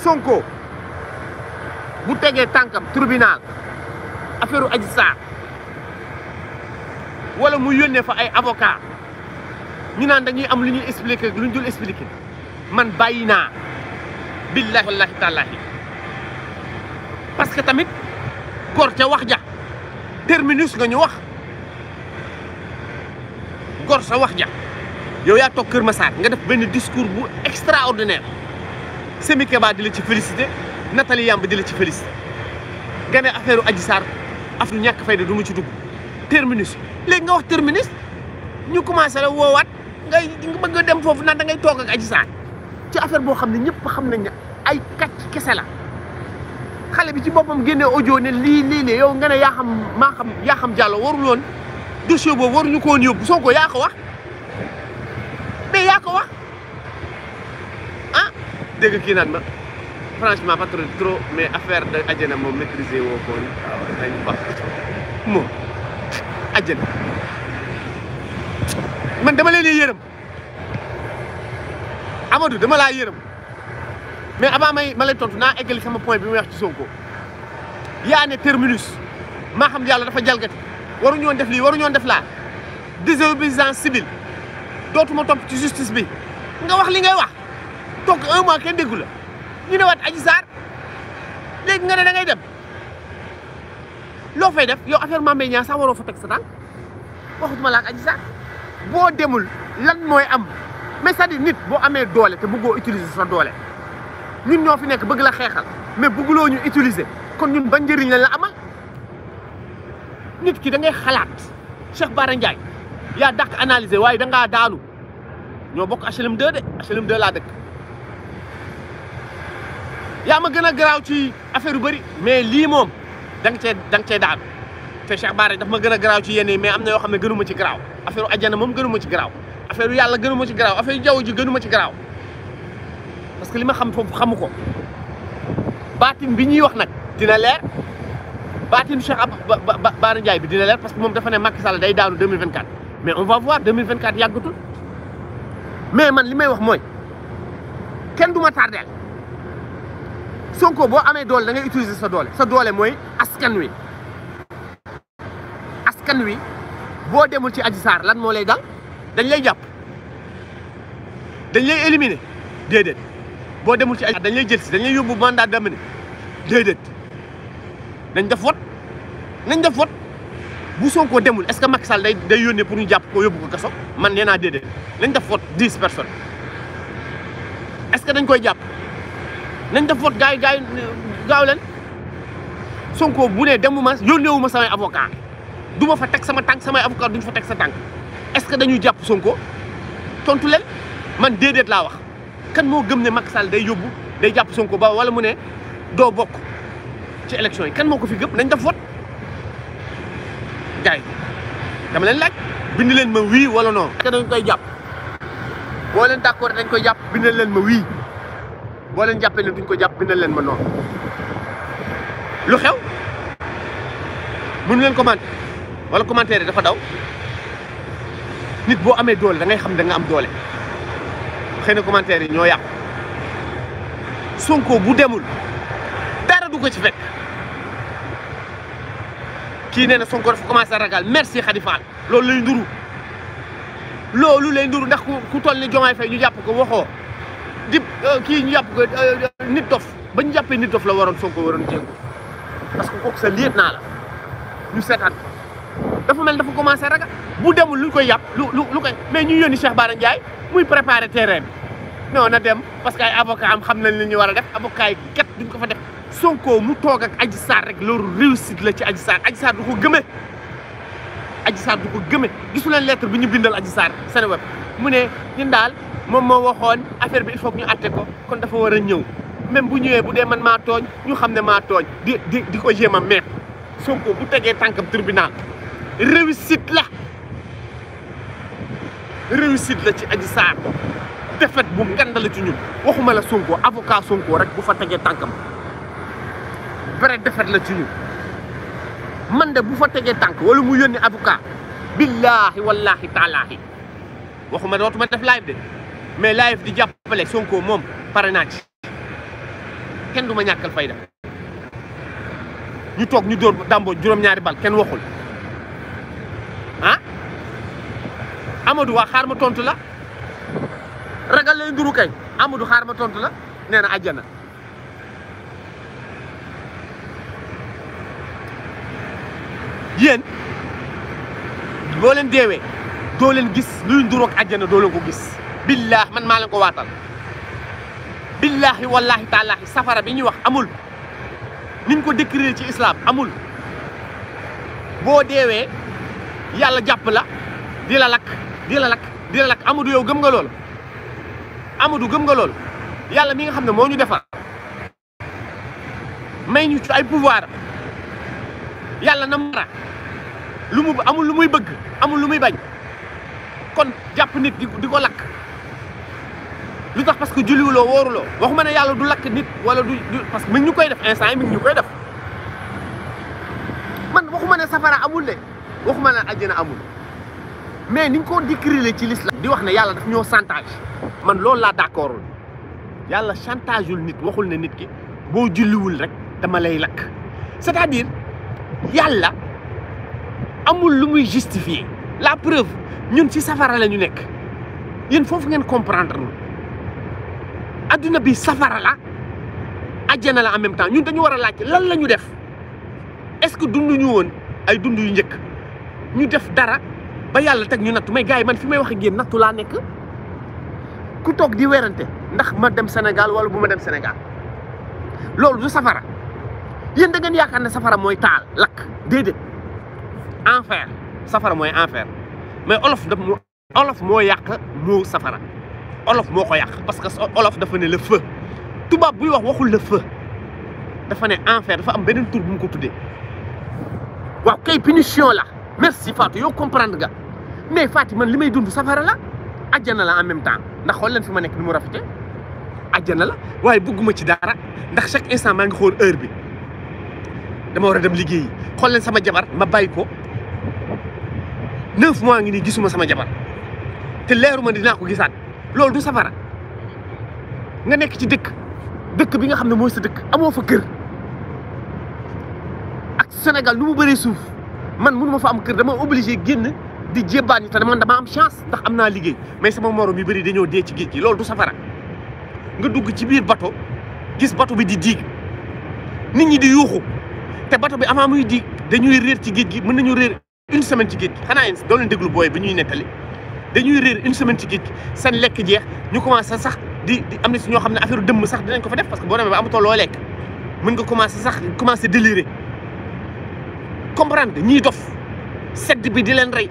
Sonko bu tegee tànkam tribunal affaire Adji Sarr wala mu yónnee fa ay avocat ñu naan dañuy am lu ñuy expliqué lu ñu dul expliqué man bàyyi naa billahi wallahi tàllahi parce que tamit gor ca wax ja terminus nga ñu wax gor sa wax ja yow ya tok keur massa nga def ben discours bu extraordinaire Semi Keba di la ci féliciter Nathalie Yamb di la ci féliciter nga affaire Adji Sarr af fayda du ci dugg terminus léegi nga wax terminus ñu commencé la woowaat nga bëgg dem fofu nan da ngay tok ak Adji Sarr ci affaire bo xamni ñepp xam nañ ay kàcc kessela xale bi ci boppam génne audio ne lii lii yow nga ne yaa xam maa xam yaa xam Diallo warul woon dossier boobu waruñu ko woon soo ko yaa ko wax mais yaa ko wax ah dégg kii naan ma franchement pas trop trop mais affaire de Adjana moom maîtriser woo ko woon moom Adjana man dama leen yërëm Amadou dama laa yërëm. mais avant may ma lay tontu naa eggali sama point bi may wax ci Sonko yaa ne terminus maa xam yàlla dafa jalgati waruñu woon def lii waruñu woon def laa désobéissance civile dootuma topp ci justice bi nga wax li ngay wax toog un mois kenn déggu la ñu ne waat Adji Sarr léegi nga ne da dem loo fay def yow affaire Mame Mbaye Niang sax waroo fa teg sa tànk waxutuma la ak Adji boo demul lan mooy am mais cest à nit boo amee doole te bëggoo utiliser sa doole. ñun ñoo fi nekk bëgg la xeexal mais bëgguloo ñu utiliser kon ñun ban njëriñ lañ la amal nit ki da ngay xalaat Cheikh Bara Ndiaye yaa dàq analyser waaye da ngaa daanu ñoo bokk HLM 2 de HLM 2 laa dëkk. yaa ma gën a garaaw ci affaire yu bari mais lii moom da nga cee da nga cee daanu te Cheikh Bara daf ma gën a garaaw ci yenn mais am na yoo xam ne gënu ma ci garaaw affaire ajana moom gënu ma ci garaaw affaire yàlla gënu ma ci garaaw affaire jaww ji gënu ma ci garaaw. parce que lima xam fofu xamuko batim bi ñi wax nak dina leer batim Cheikh Ab Baara Ndiaye bi dina leer parce que mom dafa ne Macky Sall day daanu 2024 mais on va voir 2024 yàggatul mais man limay wax moy ken duma tardel Sonko bo amé doole da ngay utiliser sa dole sa dole moy askan wi askan wi bo demul ci Adji sar lan mo lay dal dañ lay jàpp dañ lay éliminer déedéet boo demul ci ay dañ lay jël si dañ lay yóbbu dañ def vote nañ def vote bu Sonko demul est-ce que Macky Sall day day yónnee pour ñu jàpp ko yóbbu ko kaso nee naa déedéet nañ def vote dix personnes est que dañ koy jàpp nañ def vote gars yi gars yi gaaw leen Sonko bu nee ma samay avocat du ma fa teg sama tànk samay avocat duñ fa teg sa tànk est-ce que dañuy jàpp Sonko tontu leen man déedéet laa wax. kan moo gëm ne Macky Sall day yóbbu day jàpp ko ba wala mu ne doo bokk ci élection yi kan moo ko fi gëm nañ def foot gars yi dama leen laaj bind leen ma wii wala non que dañ koy jàpp boo leen d'accord dañ koy jàpp bindal leen ma wii boo leen jàppee ko jàpp bindal leen ma noonu lu xew mënu leen commenter wala commentaire dafa daw nit boo amee doole dangay xam da nga am doole xëy na yi ñoo yàq Sonko bu demul dara du ko ci fekk kii nee na Sonko dafa commencé ragal merci Khady Fall loolu lay nduru loolu lay nduru ndax ku toll ni Diomaye Faye ñu jàpp ko waxoo di euh, kii ñu jàpp ko euh, nit dof ba ñu jàppee nit dof la waroon Sonko waroon jéngu parce que kooku sa liet naa la ñu seetaan dafa mel dafa commencé ragal bu demul lu koy yàpp lu lu lu koy mais ñu yónni Cheikh Bara Ndiaye muy préparé terrain bi non dem parce que ay avocat am xam nañ li ñu war a def avocat yi ket ko fa def Sonko mu toog ak Adji Sarr rek loolu réussite la ci Adji Sarr Adji Sarr du ko gëmee Adji Sarr du ko gëmee gisu leen lettre bi ñu bindal Adji saar seen web mu ne ñun daal moom moo waxoon affaire bi il faut ñu atte ko kon dafa war a ñëw même bu ñëwee bu dee man maa tooñ ñu xam ne maa tooñ di di di ko jéem a meep Sonko bu tegee tànkam tribunal réussite la réussite la ci Adji Sarr defet bu nganda la ci ñun waxuma la Sonko avocat Sonko rek bu fa tegee tànkam vrai défaite la ci ñun man de bu fa tegee tànk wala mu yónni avocat billaahi wallaahi taalaahi waxuma dootuma def live de mais live di jàppale Sonko moom pare naa ci kenn du ma ñàkkal fayda ñu toog ñu dóor dàmboo juróom-ñaari bal kenn waxul ah Amadou waa xaar ma tontu la ragal lay nduru kay Amadou xaar ma tontu la neena na yeen bo len dewe do len gis luy nduru ak aljana do len ko gis billah man maa leen ko watal taala, wallahi ta'ala safara biñu wax amul niñ ko décrire ci islam amul bo dewe yalla japp la di la lakk di la lak di la lakk Amadou yow gëm nga loolu Amadou gëm nga loolu yalla mi nga xamne moñu defal may ñu ci ay pouvoir yalla na mara lu mu amul lu muy bëgg amul lu muy bañ kon japp nit di ko lakk lu tax parce que woru lo waxuma ne yalla du lak nit wala du parce que mi ngi ñu koy def instant mi ngi ñu koy def man waxuma ne safara amul le waxuma la aljana amul mais ni ko décrire ci l'islam di wax ne yalla daf ñoo chantage man lool la d'accordul yalla chantageul nit waxul ne nit ki boo julliwul rek dama lay lak c'est-à-dire yalla amul lu muy justifier la preuve ñun ci safara la ñu nek yeen fofu ngeen comprendre nu aduna bi safara la aljana la en même temps ñun dañu wara lacc lan lañu def est-ce que ñu won ay dundu yu njëkk ñu def dara ba yàlla teg ñu nattu may gars yi man fi may wax ak yéen nattu laa nekk ku toog di werante ndax ma dem Sénégal wala bu ma dem Sénégal loolu du safara yéen da ngeen yaakaar ne safara mooy taal lakk déedéet enfer safara mooy enfer mais olof daf olof moo yàq moo safara olof moo ko yàq parce que olof dafa ne le feu tubaab buy wax waxul le feu dafa ne enfer dafa am beneen tur bu mu ko tuddee waaw kay punition la merci Fatou yo comprendre nga mais Fatou man limay dund safara la aljana la en même temps ndax xol leen fi ma nekk ni mu rafete ajjana la waye bëgguma ci dara ndax chaque instant ma nga xool heure bi dama wara dem liggéey xol leen sama jabar ma bayiko 9 mois ngi ni gisuma sama jabar té leeruma dina ko gissat lolou du safara nga nek ci dëkk dëkk bi nga xamné moy sa dëkk amo fa kër ak Sénégal nu mu bëré souf man mënu ma fa am kër dama obligé génn di jébbaan ñi te man dama am chance ndax am naa liggéey mais sama morom yu bëri dañoo dee ci géej gi loolu du safara nga dugg ci biir bato gis bato bi di diig nit ñi di yuuxu te bato bi avant muy diig dañuy réer ci géej gi mën nañu réer une semaine ci géej gi xanaa yéen doo leen déglu booy bi ñuy nettali dañuy réer une semaine ci géej gi lekk jeex ñu commencé sax di am na si ñoo xam ne affaire dëmm sax dinañ ko fa def parce que boo demee ba amatoo loo lekk mën commencé sax commencé délirer comprendre ñuy dof sedd bi di leen rey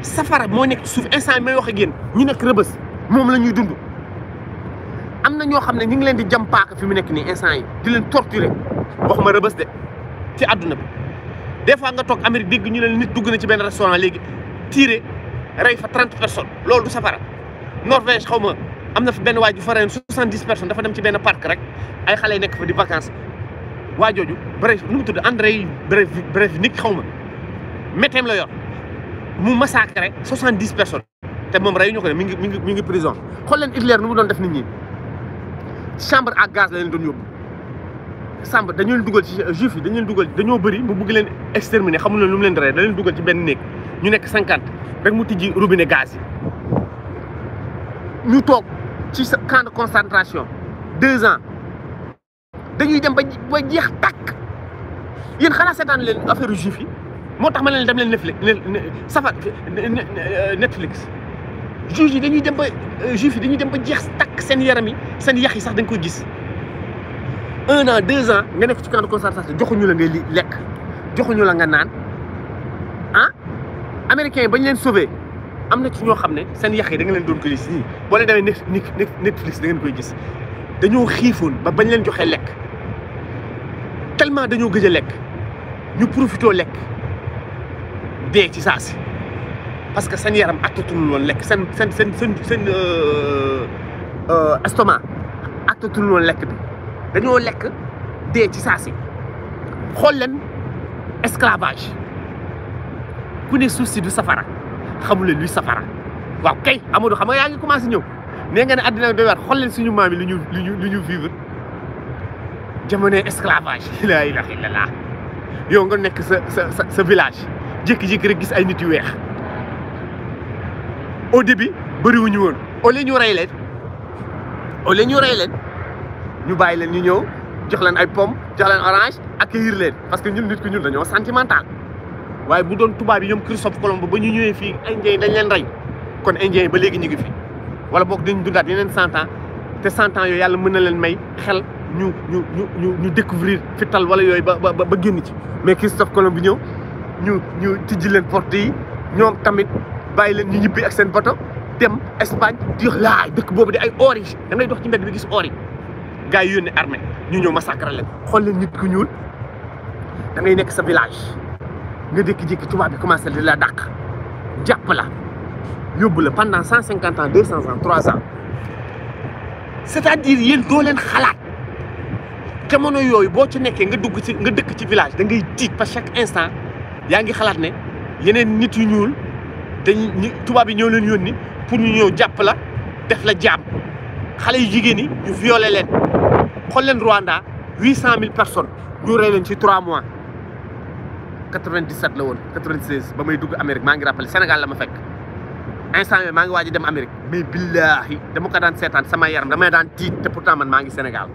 safara moo nekk suuf instant bi may wax a yéen ñu nekk rëbës moom la ñuy dund am na ñoo xam ne ñu ngi leen di jam paaka fi mu nekk nii instant yi di leen torturer wax ma rëbës de ci àdduna bi des fois nga toog Amérique dégg ñu leen nit dugg na ci benn restaurant léegi tiire rey fa trente personnes loolu du safara Norvège xaw ma am na fa benn waay ju fa reyoon soixante-dix personnes dafa dem ci benn parc rek ay xale nekk fa di waa jooju bref mu tudd Andrei bref nit xaw ma métteem la yor mu massacré soixante dix personnes te moom rey ñu ko ne mi ngi mi ngi mi ngi prison xool leen Hitler nu mu doon def ni ñi chambre à gaz la leen doon yóbbu chambre dañu dugal ci juif yi dañu leen dugal dañoo bëri mu bëgg leen exterminer xamul ne lu mu leen rey da leen dugal ci benn néeg ñu nekk cinquante rek mu tijji robinet gaz yi ñu toog ci camp de concentration deux ans dañuy dem ba ba jeex takk yéen xanaa seetaan leen affaire juif yi moo tax ma leen dem leen Netflix safar euh, Netflix juif yi dañuy dem ba euh, juif yi dañuy dem ba jeex tàkk seen yaram yi seen yax yi sax dañ koy gis un an deux ans nga nekk ci ko camp de concentration joxuñu la ngay lekk joxuñu la nga naan ah américains yi bañ leen sauvé am na ci ñoo xam ne seen yax yi da nga leen doon ko gis nii boo leen demee Netflix da ngeen koy gis dañoo xiifoon ba bañ leen joxe lekk tellement dañoo gëj a lekk ñu profitoo lekk dee ci saa parce que seen yaram attatul woon lekk seen seen seen seen seen euh, euh, estomac attatul woon lekk bi dañoo lekk dee ci saa xool leen esclavage ku ne suuf si du safara xamule luy safara waaw kay Amadou xam nga yaa ngi commencé ñëw nee nga ne àddina doy waar xool leen suñu ñu lu ñu lu ñu vivre jamonoy esclavage [laughs] la ilaha illallah yow nga nekk sa sa sa village jékki-jékki rek gis ay nit yu weex au début bëriwuñu woon au lieu ñu rey leen au ñu rey leen ñu bàyyi leen ñu ñëw jox leen ay pom jox leen orange accueillir leen parce que ñu nit ku ñun dañoo sentimental waaye bu doon tubaab yi ñoom Christophe Colomb ba ñu ñëwee fii indien dañ leen rey kon indien ba léegi ñu ngi fi wala boog dañ dundaat yeneen cent ans te cent ans yooyu yàlla mën na leen may xel Nous découvrir fital mais Christophe Colomb Nous avons nous ñu Nous avons porte yi avons tamit bàyyi avec ñu ñibbi ak dem Espagne dire de ay été gars yi nous armée ñu nous avons nit ku village que dékki commencé la DAC. Nous pendant 150 ans 200 ans 3 ans c'est-à-dire en doo en xalaat jamono yoy bo ci nekkee nga dugg ci nga dëkk ci village da ngay tiit parce chaque instant ya ngi xalaat ne yeneen nit yu ñuul dañ tuba bi ñoo leen yoni pour ñu ñëw japp la def la jaam xalé yu jigéen yi ñu violé leen xol leen Rwanda huit cent personnes ñu rey leen ci 3 mois 97 la won 96 ba may dugg Amérique maa ngi rappelé Sénégal la ma fekk instant yooyu maa ngi waaj dem Amérique mais billahi dama ko daan seetaan sama yaram damay daan tiit te pourtant man maa ngi Sénégal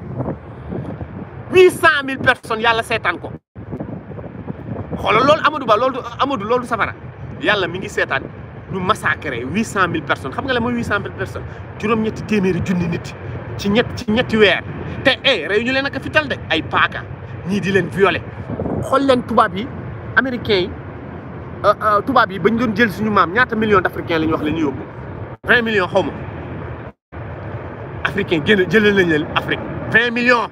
huit cent mille personnes yàlla seetaan ko xool loolu Amadou Ba lool Amadou loolu safara yàlla mi ngi seetaan ñu massacré huit cent mille personne xam nga la mooy huit cent mille personnes juróom-ñetti téeméeri junni nit ci ñett ci ñetti weer te eh rey ñu leen ak fital de ay paaka ñii di leen violé xool leen tubaab yi américains yi euh, euh, tubaab yi bañ doon jël suñu maam ñaata millions d'africains la ñu wax la ñu yóbbu vingt millions xaw ma africain génn jëlee nañ leen Afrique vingt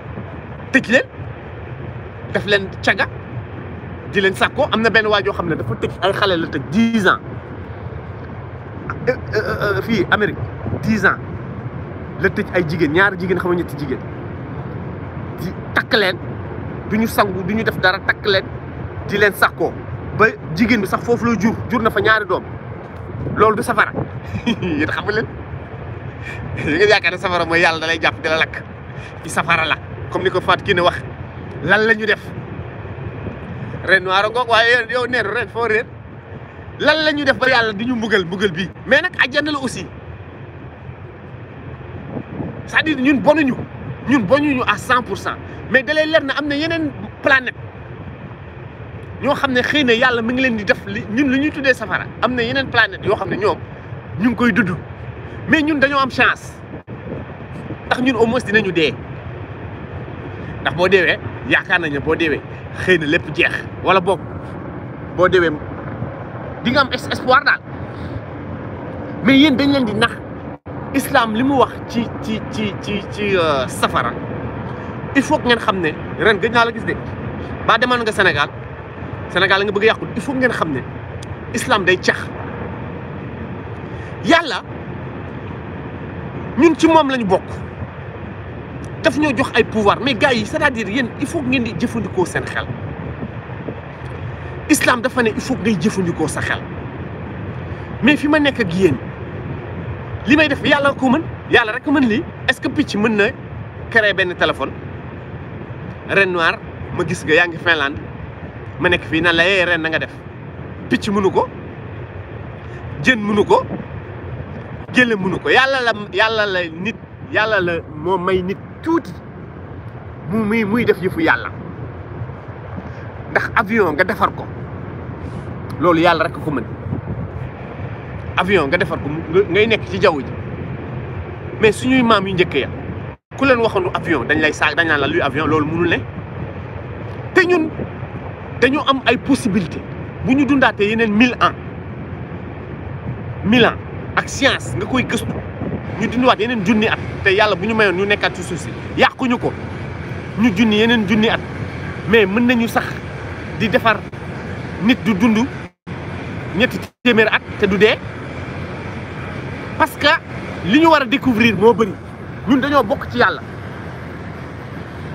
tëj leen def leen caga ji leen sàkko am na benn waa joo xam ne dafa tëj ay xale la tëj dix ans euh, euh, euh, fii amerique dix ans la tëj ay jigéen ñaari jigéen xam nga ñetti jigéen takk leen du ñu sangu du ñu def dara takk leen ji leen sàkkoo ba jigéen bi sax foofu la jur jur na fa ñaari doom loolu du safara [laughs] yéen xam leen [laughs] yéen yaakaar ne safara mooy yàlla da jàpp di la lakk fi safara la. comme niko fat ki ne wax lan lañu def ren noir goog waye yow neeru ren fo réer lan lañu def ba yalla di mbugal mbugal bi mais nak àjjana la aussi ça dit dire ñun bonuñu ñun bonuñu à 100% mais da lay na amna yenen planète ño xamné xeyna yalla mi ngi leen di def li ñun li ñuy tuddé safara amna yenen planète yo xamné ñom ñoom ñu ngi koy dudd mais ñun dañu am chance ndax ñun au moins dinañu dé ndax boo deewee yaakaar nañ ne boo deewee xëy na lépp jeex wala boog boo deewee di am espoir daal mais yéen dañ leen di nax islam li mu wax ci ci ci ci ci euh, safara il faut ngeen xam ne ren gëj naa la gis de ba demoon nga Sénégal Sénégal nga bëgg a yàqu il faut ngeen xam ne islam day cax yàlla ñun ci moom lañu bokk. daf ñoo jox ay pouvoir mais gars yi c'est-à-dire yeen il faut ngeen di jëfëndiko seen xel islam dafa ne il faut ngay jëfëndiko sa xel mais fi ma nekk ak yeen li def yalla ko mën yalla rek mën li est-ce que pitch mën na créer ben téléphone ren noir ma gis nga yaangi finland ma nekk fi nan la yé eh, ren nga def pitch mënu ko jën mënu ko gélle ko la yalla la nit yalla la mo may nit Tout mu muy def yalla ndax avion nga defar ko rek ko avion nga defar ko ngay ci mais si nous yu ya ku leen waxandu avion dañ lay dañ la luy avion lolou mënul ne nous ñun dañu am ay possibilité bu ñu ans 1000 ans ak science ñu dunduwaat yeneen junni at te yàlla bu ñu mayoon ñu nekkaat ci suuf si yàquñu ko ñu junni yeneen junni at mais mën nañu sax di defar nit du dundu ñetti téeméer at te du dee parce que li ñu war a découvrir moo bëri ñun dañoo bokk ci yàlla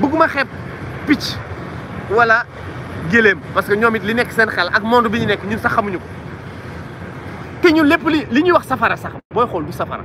bëgguma xeeb picc wala géléem parce que ñoom it li nekk seen xel ak monde bi ñu nekk ñun sax xamuñu ko te ñu lépp li li ñuy wax safara sax booy xool du safara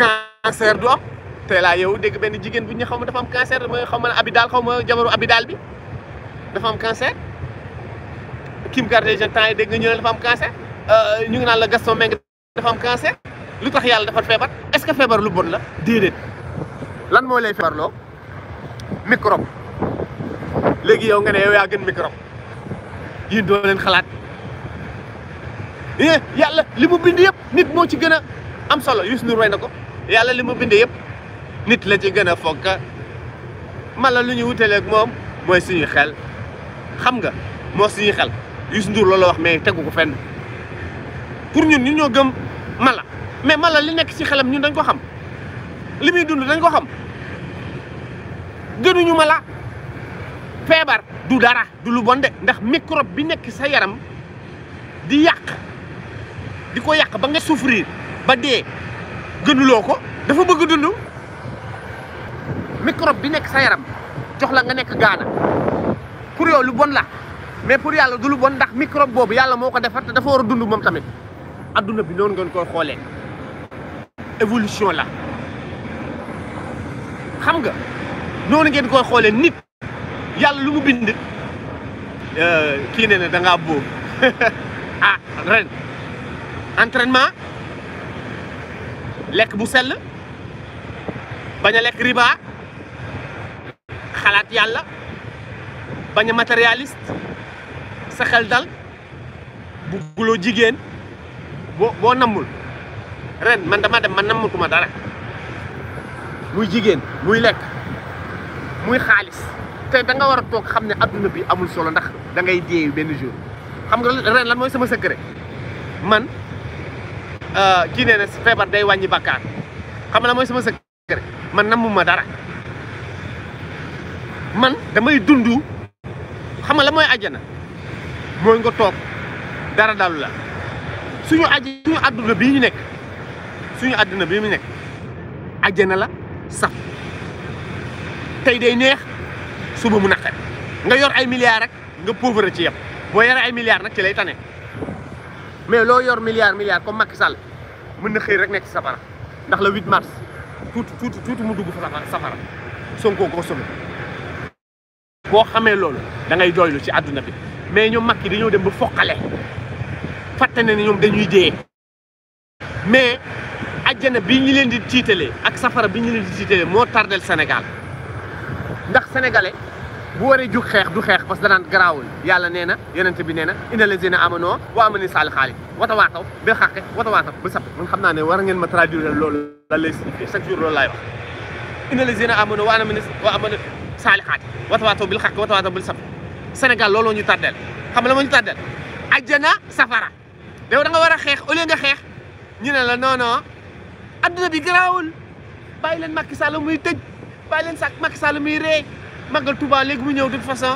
cancer du am tey laa yow dégg benn jigéen bu ñu xaw ma dafa am cancer ma xaw ma ne Abi daal xaw ma jabaru Abi daal bi dafa am cancer Kim Kardashian temps yi nga ñu ne dafa am cancer euh, ñu ngi naan la Gaston Mbengue dafa am cancer lu tax yàlla dafa feebar est-ce que feebar lu bon la déedéet lan moo lay feebar loo microbe léegi yow nga ne yow yaa gën microbe yéen doo xalaat eh, yàlla li mu bind yëpp nit moo ci gën a am solo Youssou Ndour way na ko yalla limu bindé yépp nit la ci gëna fokk mala luñu wutélé ak mom moy suñu xel xam nga mo suñu xel yus ndur loolu wax mais téggu ko fenn pour ñun ñu ñoo gëm mala mais mala li nekk ci xelam ñun dañ ko xam limi dund dañ ko xam ñu mala feebar du dara du lu bon de ndax microbe bi nekk sa yaram di yak di ko yàq ba nga souffrir ba dé gënuloo ko dafa bëgg dund microbe bi nekk sa yaram jox la nga nekk gaana pour yow lu bon la mais pour yàlla du lu bon ndax microbe boobu yàlla moo ko defar te dafa war a dund moom tamit adduna bi noonu ngeen koy xoolee évolution la xam nga noonu ngeen koy xoolee nit yàlla lu mu bind euh, kii ne ne da ngaa boobu [laughs] ah ren entraînement lek bu sel baña lek riba khalat yalla baña materialiste sa xel dal bu jigen bo, bo namul ren man dama dem man namul kuma dara muy jigen muy lek muy khalis te da nga wara tok xamne aduna bi amul solo ndax da ngay deeyu ben jour xam nga ren lan moy sama secret man kii eh, nee na feebar day bakar, bakkaar xam la mooy sama secret man namuma dara man damay dund xam la mooy àjjana mooy nga toog dara dalu la suñu àjj suñu àdduna bii ñu nekk suñu àdduna bii mu nekk àjjana la saf day neex suba mu nga yor ay milliards rek nga pauvre ci yem boo yore ay milliards nag ci lay mais loo yor milliard milliard comme Macky Sall rek safara le 8 mars tout tout tuuti mu dugg safara Sonko ko de da ngay ci bi mais ñoom Macky dañoo dem ba foqale fàtte ne dañuy mais bi ñu di ak safara bi ñu leen di tardel Sénégal sénégalais بوري جو خيخ دو خيخ بس دران غراول يالا نينا يننتي بي نينا ان الذين امنوا وامن صالح علي وتا واتا بالحق وتا واتا بسب من خمنا ني وار نين ما تراديو لول لا لي سيك جور لول لاي واخ ان الذين امنوا وامن وامن صالح علي وتا واتا بالحق وتا واتا بالسب سنغال لولو ني تادل خم لا ما ني تادل اجنا ورا خيخ اولي نغا خيخ ني لا نو نو ادنا بي غراول باي لن ماكي ساك ماكي سالو magal Touba léegi mu ñew de façon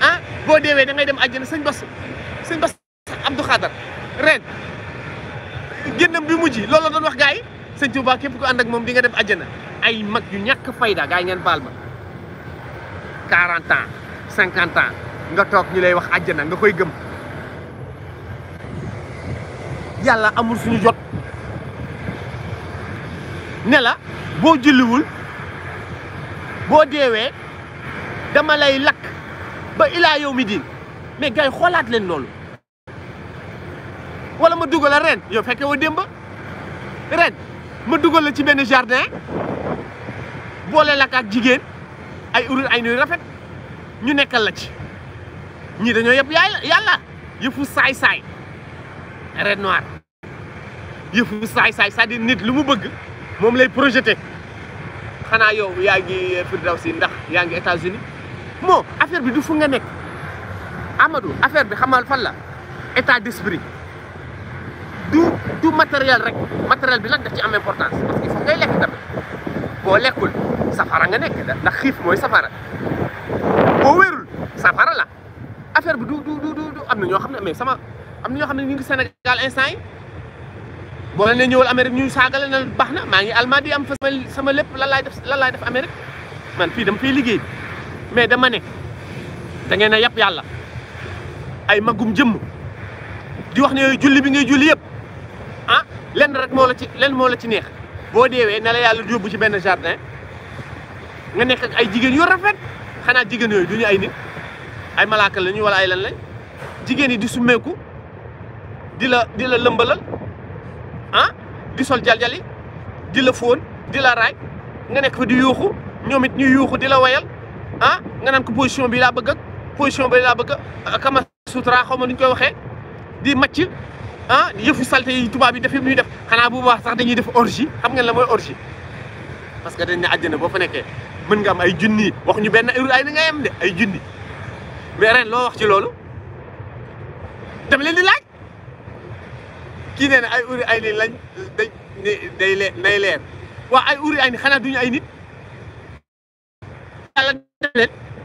ah bo deewee da ngay dem aljana seigne Bass seigne Bass Abdou Khadar ren gennam bi mujj loolu doon wax gaay seigne Touba kep ko and ak mom di nga dem aljana ay mag yu ñak fayda gaay yi ngeen baal 40 ans 50 ans nga tok ñu lay wax aljana nga koy gëm yalla amul suñu jot nela bo julliwul boo deewee dama lay lakk ba ilaa yow mi diin mais gars xoolaat leen loolu wala ma dugal la ren yow fekke wa démba ren ma dugal la ci benn jardin boole la ak jigéen ay urul ay nuy rafet ñu nekkal la ci ñii dañoo yëpp yaay yàlla yëfu saay-saay red noir yëfu saay-saay à nit lu mu bëgg moom lay projeté xana yow yaa ngi Firdawsi ndax yaa ngi États-Unis mo affaire bi du fu nga nekk Amadou affaire bi xamal fan la état d'esprit du du matériel rek matériel bi nag da ci am importance parce que il faut ngay lekk tamit boo lekkul safara nga nekk ndax xiif mooy safara boo wérul safara la affaire bi du du du du am na ñoo xam ne mais sama am na ñoo xam ne ñu ngi Sénégal instant yi boo leen ne ñëwal Amérique ñu na baxna ma maa ngi Almadies am fa sama sama lépp lan def la lay def amerique man fi dem fi liggéey mais dama ne da ngay na yap yalla ay magum jëm di wax ne julli bi ngay julli yëpp ah lenn rek mo la ci lenn mo la ci neex bo deewee na la yalla ci ben jardin nga nekk ak ay jigen yu rafet xana jigen yooyu duñu ay nit ay malaka lañu wala ay lan lañ jigen yi di di la di la lembalal ah di sol jal jali di la fóon di la ray nga nek fi di yuxu ñomit ñu yuxu di la wayal ah nga nan ko position bi la bëgg ak position bi la bëgg kama sutra xaw ñu koy waxe di màcc ah di yefu salté yi tuba bi def yëpp ñuy def xana bu baax sax dañuy def orgie xam ngeen la moy orgie parce que dañ ni àjjana bo fa nekké mën nga am ay junni wax ñu ben euro ay nga yam de ay junni mais ren lo wax ci lolu dem leen di laaj kii nee na ay uri ay ni lañ day leer nay leer waa ay uri ay ni xanaa duñu ay nit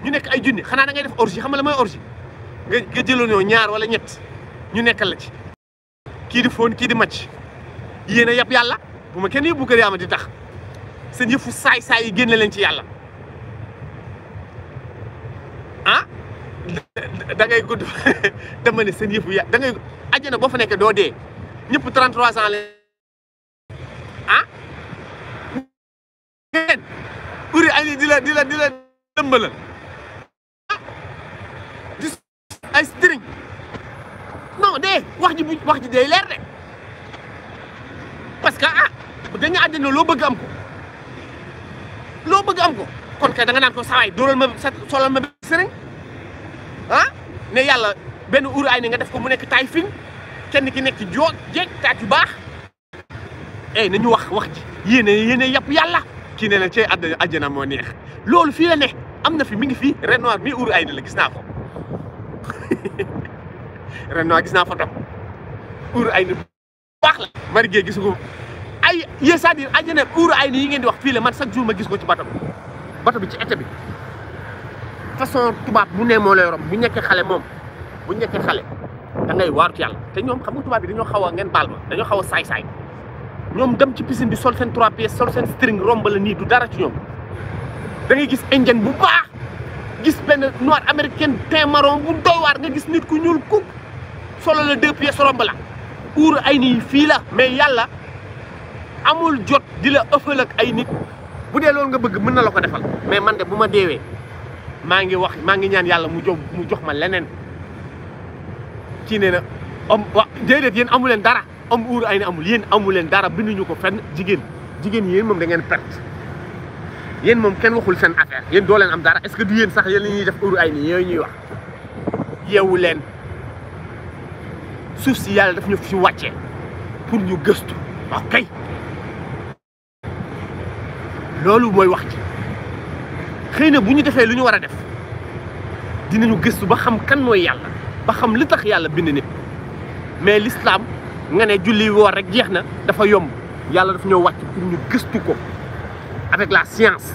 ñu nekk ay junni xanaa da def orgie xam nga la mooy orgie nga nga jëloonoo ñaar wala ñett ñu nekkal la ci kii di foon kii di macc yéen a yab yàlla bu ma kenn yëbbu kër yaama di tax seen yëfu saay-saay yi génne leen ci yàlla ah da ngay gudd [laughs] dama ne seen yëfu ya da ngay boo fa nekkee doo dee ñëpp 33 ans leen ah ngeen uri ay di la di la di la dëmbalal ah di ay string non de wax ji bu wax ji day leer de parce que ah dañu àddina loo bëgg am ko loo bëgg am ko kon kay da nga naan ko sawaay dóoral ma sa solal ma sëriñ ah ne yàlla benn uraay ni nga def ko mu nekk taay fin kenn ki nekk joo jéeg taat yu baax ey eh, nañu wax wax ji yéene yéene yàpp yàlla kii ne la cee àdd àjjana moo neex loolu fii la am na fi mi ngi fii Red Noir mi uur ay la gis naa ko [laughs] Red gis naa fa tam uur ay baax la mari gee gisu ko ay yee c'est-à-dire àjjana uur ay yi ngeen di wax fii la man chaque jour ma gis ko ci bato bi bato bi ci été bi façon tubaab bu ne moo lay bu nekkee xale moom bu nekkee xale da ngay ci yalla te ñom xam nga tuba bi dañu xawa ngeen baal ma dañoo xaw say saay dem ci piscine bi sol sen trois sol sen string romb la nii du dara ci ñom da ngay gis indien bu baax gis ben noir américain té marron bu do war nga gis nit ku ñul kuk solo le deux pièces romb la ay ni fi la mais yalla amul jot dila eufel ak ay nit bu dé lol nga bëgg mëna la ko défal mais man de déwé ma ngi wax ma ngi ñaan yalla mu jox mu jox ma lenen ci nee na homme déedéet yéen amu leen dara homme uur ay na amul yéen amu leen dara binduñu ko fenn jigéen jigéen yéen moom dangeen ngeen perte yéen moom kenn waxul seen affaire yéen doo leen am dara est-ce que du yéen sax yéen la ñuy def uur ay ni yooyu ñuy wax yeewu leen suuf si yàlla daf ñu fi wàcce pour ñu gëstu ok loolu mooy wax ci xëy na bu ñu defee lu ñu war a def dinañu gëstu ba xam kan mooy yàlla ba xam li tax yalla bind nit mais l'islam nga ne julli wor rek jeexna dafa yomb yalla dafa ñoo wacc pour ñu gëstu ko avec la science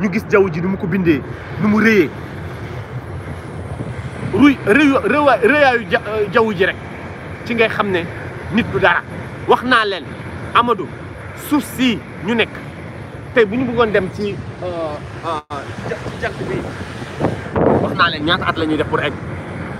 ñu gis jaww ji ni mu ko bindé ni mu réyee ruy reya euh, ji rek ci ngay xamné nit du dara waxna len Amadou suuf si ñu nek tey bu ñu dem ci euh, euh, jakk bi waxna len ñaata at lañuy def pour egg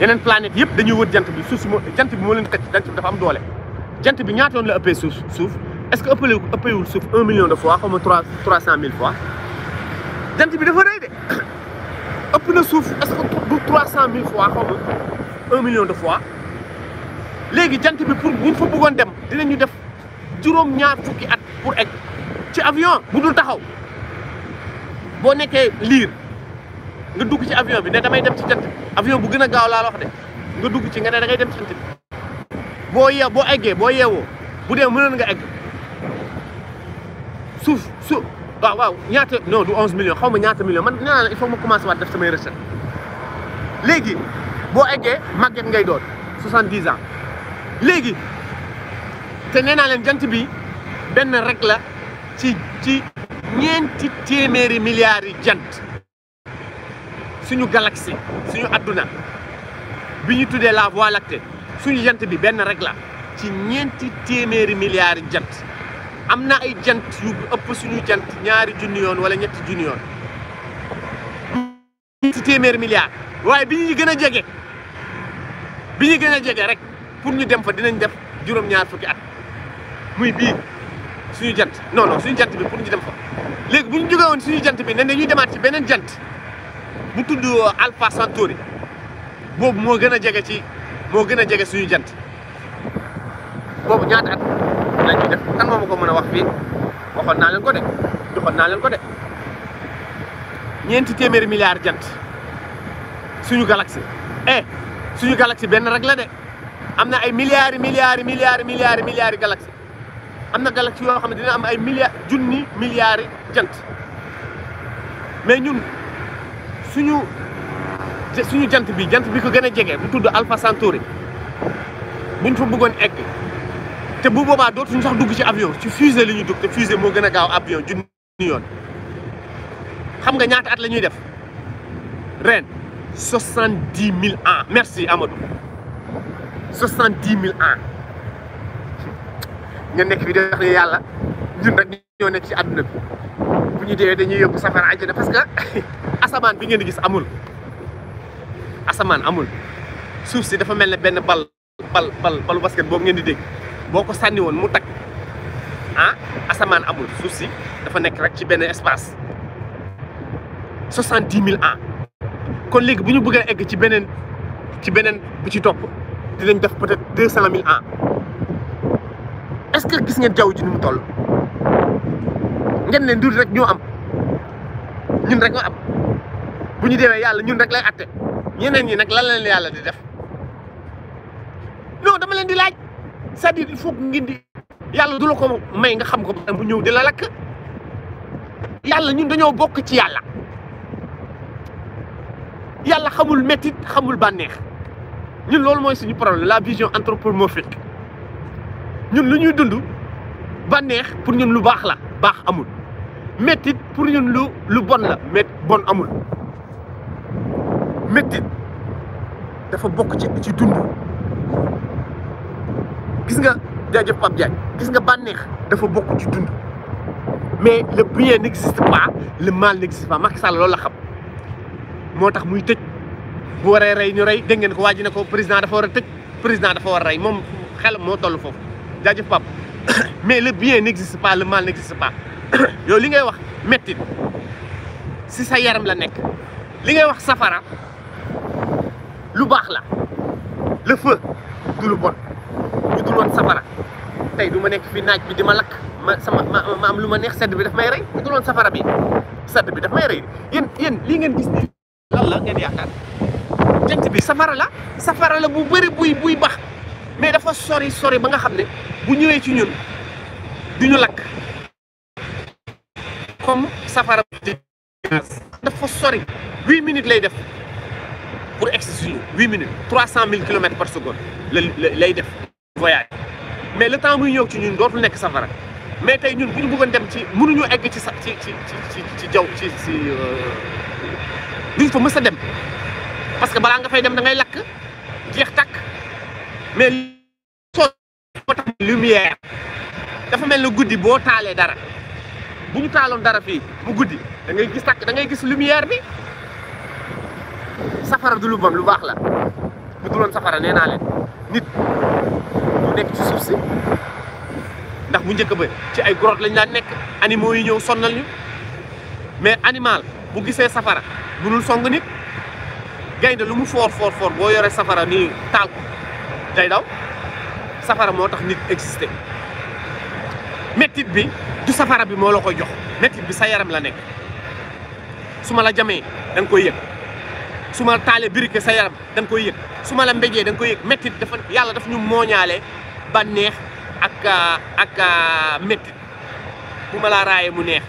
yeneen planète yëpp dañuy wër jant bi suuf si moo jant bi moo leen xëcc jant bi dafa am doole jant bi ñaata yoon la ëppee suuf suuf est-ce que ëppale ëppewul suuf un million de fois xaw trois cent mille fois jant bi dafa rëy de [coughs] ëpp na suuf est que du trois cent mille fois xaw ma un million de fois léegi jant bi pour buñ fa bëggoon dem dinañu def juróom ñaar fukki at pour egg ci avion bu dul taxaw boo nekkee liir nga dugg ci avion bi ne damay dem ci jant avion bu gën a gaaw laa de nga dugg ci nga ne da dem jant bi boo ye eggee boo yeewoo bu dee mënoon nga egg suuf suuf waaw ñaata non du 11 xaw ma ñaata millions man nee naa la il faut ma commencé waat boo eggee màgget ngay doon 70 ans léegi te nee naa leen jant bi benn rek la ci ci ñeenti téeméeri milliards yi jant. suñu galaxie suñu adduna bi ñu tuddee la voie lactée suñu jant bi benn rek la ci ñeenti téeméeri milliards jant am na ay jant yu ëpp suñu jant ñaari junni yoon wala ñetti junni yoon ñeenti téeméeri milliards waaye bi ñuy gën a jege bi ñuy gën a jege rek pour ñu dem fa dinañ def juróom-ñaar fukki at muy bii suñu jant non non suñu jant bi pour ñu dem fa léegi bu ñu jógee woon suñu jant bi ne dañuy demaat ci beneen jant bu tudd Alpha Centauri boobu moo gën a jege ci moo gën a jege suñu jant boobu ñaata at la ñuy def kan moo ma ko mën a wax fii waxoon naa leen ko de joxoon naa leen ko ñeenti téeméeri milliards jant suñu galaxie eh suñu galaxie benn rek la de am na ay milliards milliards milliards milliards milliards galaxie am na galaxie yoo xam ne dina am ay milliards junni milliards jant mais ñun. suñu suñu jant bi jant bi ko gën a jege bu tudd Alpha Centauri buñ fa bëggoon egg te bu boobaa dootuñ sax dugg ci avion ci fusée li ñuy dugg te fusée moo gën a gaaw avion junni yoon xam nga ñaata at la ñuy def ren soixante dix mille ans merci Amadou soixante dix mille ans nga nekk bi di yàlla ñun rek ñoo nekk ci àdduna bi. buñu déé dañuy yobbu safara àjjana parce que [laughs] asaman bi ngeen di gis amul Asaman, amul souf ci dafa melni ne benn bal bal bal balu basket bo ngeen di dégg boko sanni won mu tak ah asaman amul souf ci dafa nek rek ci benn espace 70000 ans kon léegi buñu ñu bëggee egg ci benen ci benen bu ci topp dinañ def peut-être 200000 ans est-ce que gis ngeen jaww ji ni mu toll ngeen ne ndur rek ñu am ñun rek ñoo am bu ñu déwé yalla ñun rek lay atté ñeneen ñi nak lan leen yalla di def non dama leen di laaj cest à il faut ngeen di yalla du la ko may nga xam ko bu ñew di la lak yalla ñun dañoo bok ci yalla yalla xamul metti xamul banex ñun lool moy suñu problème la vision anthropomorphique ñun lu ñuy dundu banex pour ñun lu bax la bax amul méttit pour ñun lu lu bon la met bon amul méttit dafa bok ci ci dund gis nga jaajëf pap Diagne gis nga banex dafa bok ci dund mais le bien n'existe pas le mal n'existe pas Macky Sall loolu la xam motax muy tejj bu waré rey ñu rey dégg ngeen ko waji nako président dafa wara tejj président dafa wara a rey moom xelam moo toll foofu jaajëf Pape [coughs] mais le bien n'existe pas le mal n'existe pas [coughs] Yo, li ngay wax metti si sa yaram la nek li ngay wax safara lu bax la le feu du lu bon ñu du woon safara tay du ma fi naaj bi dima lak sama ma am lu ma neex sedd bi daf may rey du dul safara bi sedd bi daf may rey yeen yeen li ngeen gis ni lan la ngeen yaakaar jent bi safara la safara la bu beuri buy buy bax mais dafa sori sori ba nga xamne bu ñewé ci ñun duñu lak comme safara dafa sori huit minutes lay pour minutes 300 cent mille par seconde voyage mais le temps muy ci ñun dootul nek safara mais tay ñun buñu dem ci egg ci ci ci ci jaw ci ci euh, dem parce que bala nga fay dem da lumière dafa mel guddi dara buñu talon dara fi mu guddi da ngay gis tak da ngay gis lumière bi safara du lu bam lu bax la bu duloon safara neena len nit du nek ci suuf ndax bu ñëk ba ci ay grotte lañ la nek animaux yi ñëw sonnal ñu mais animal bu gisé safara dul song nit gaynde lu mu for for for bo yoré safara ni tal day daw safara motax nit exister Metit bi du safara bi mo la koy jox metit bi sa yaram la nek suma la jame dang koy yek suma talé birike sa yaram dang koy yek suma la mbéjé dang koy yek metit dafa yalla daf ñu moñalé ba neex ak euh, ak euh, metit bu la mu neex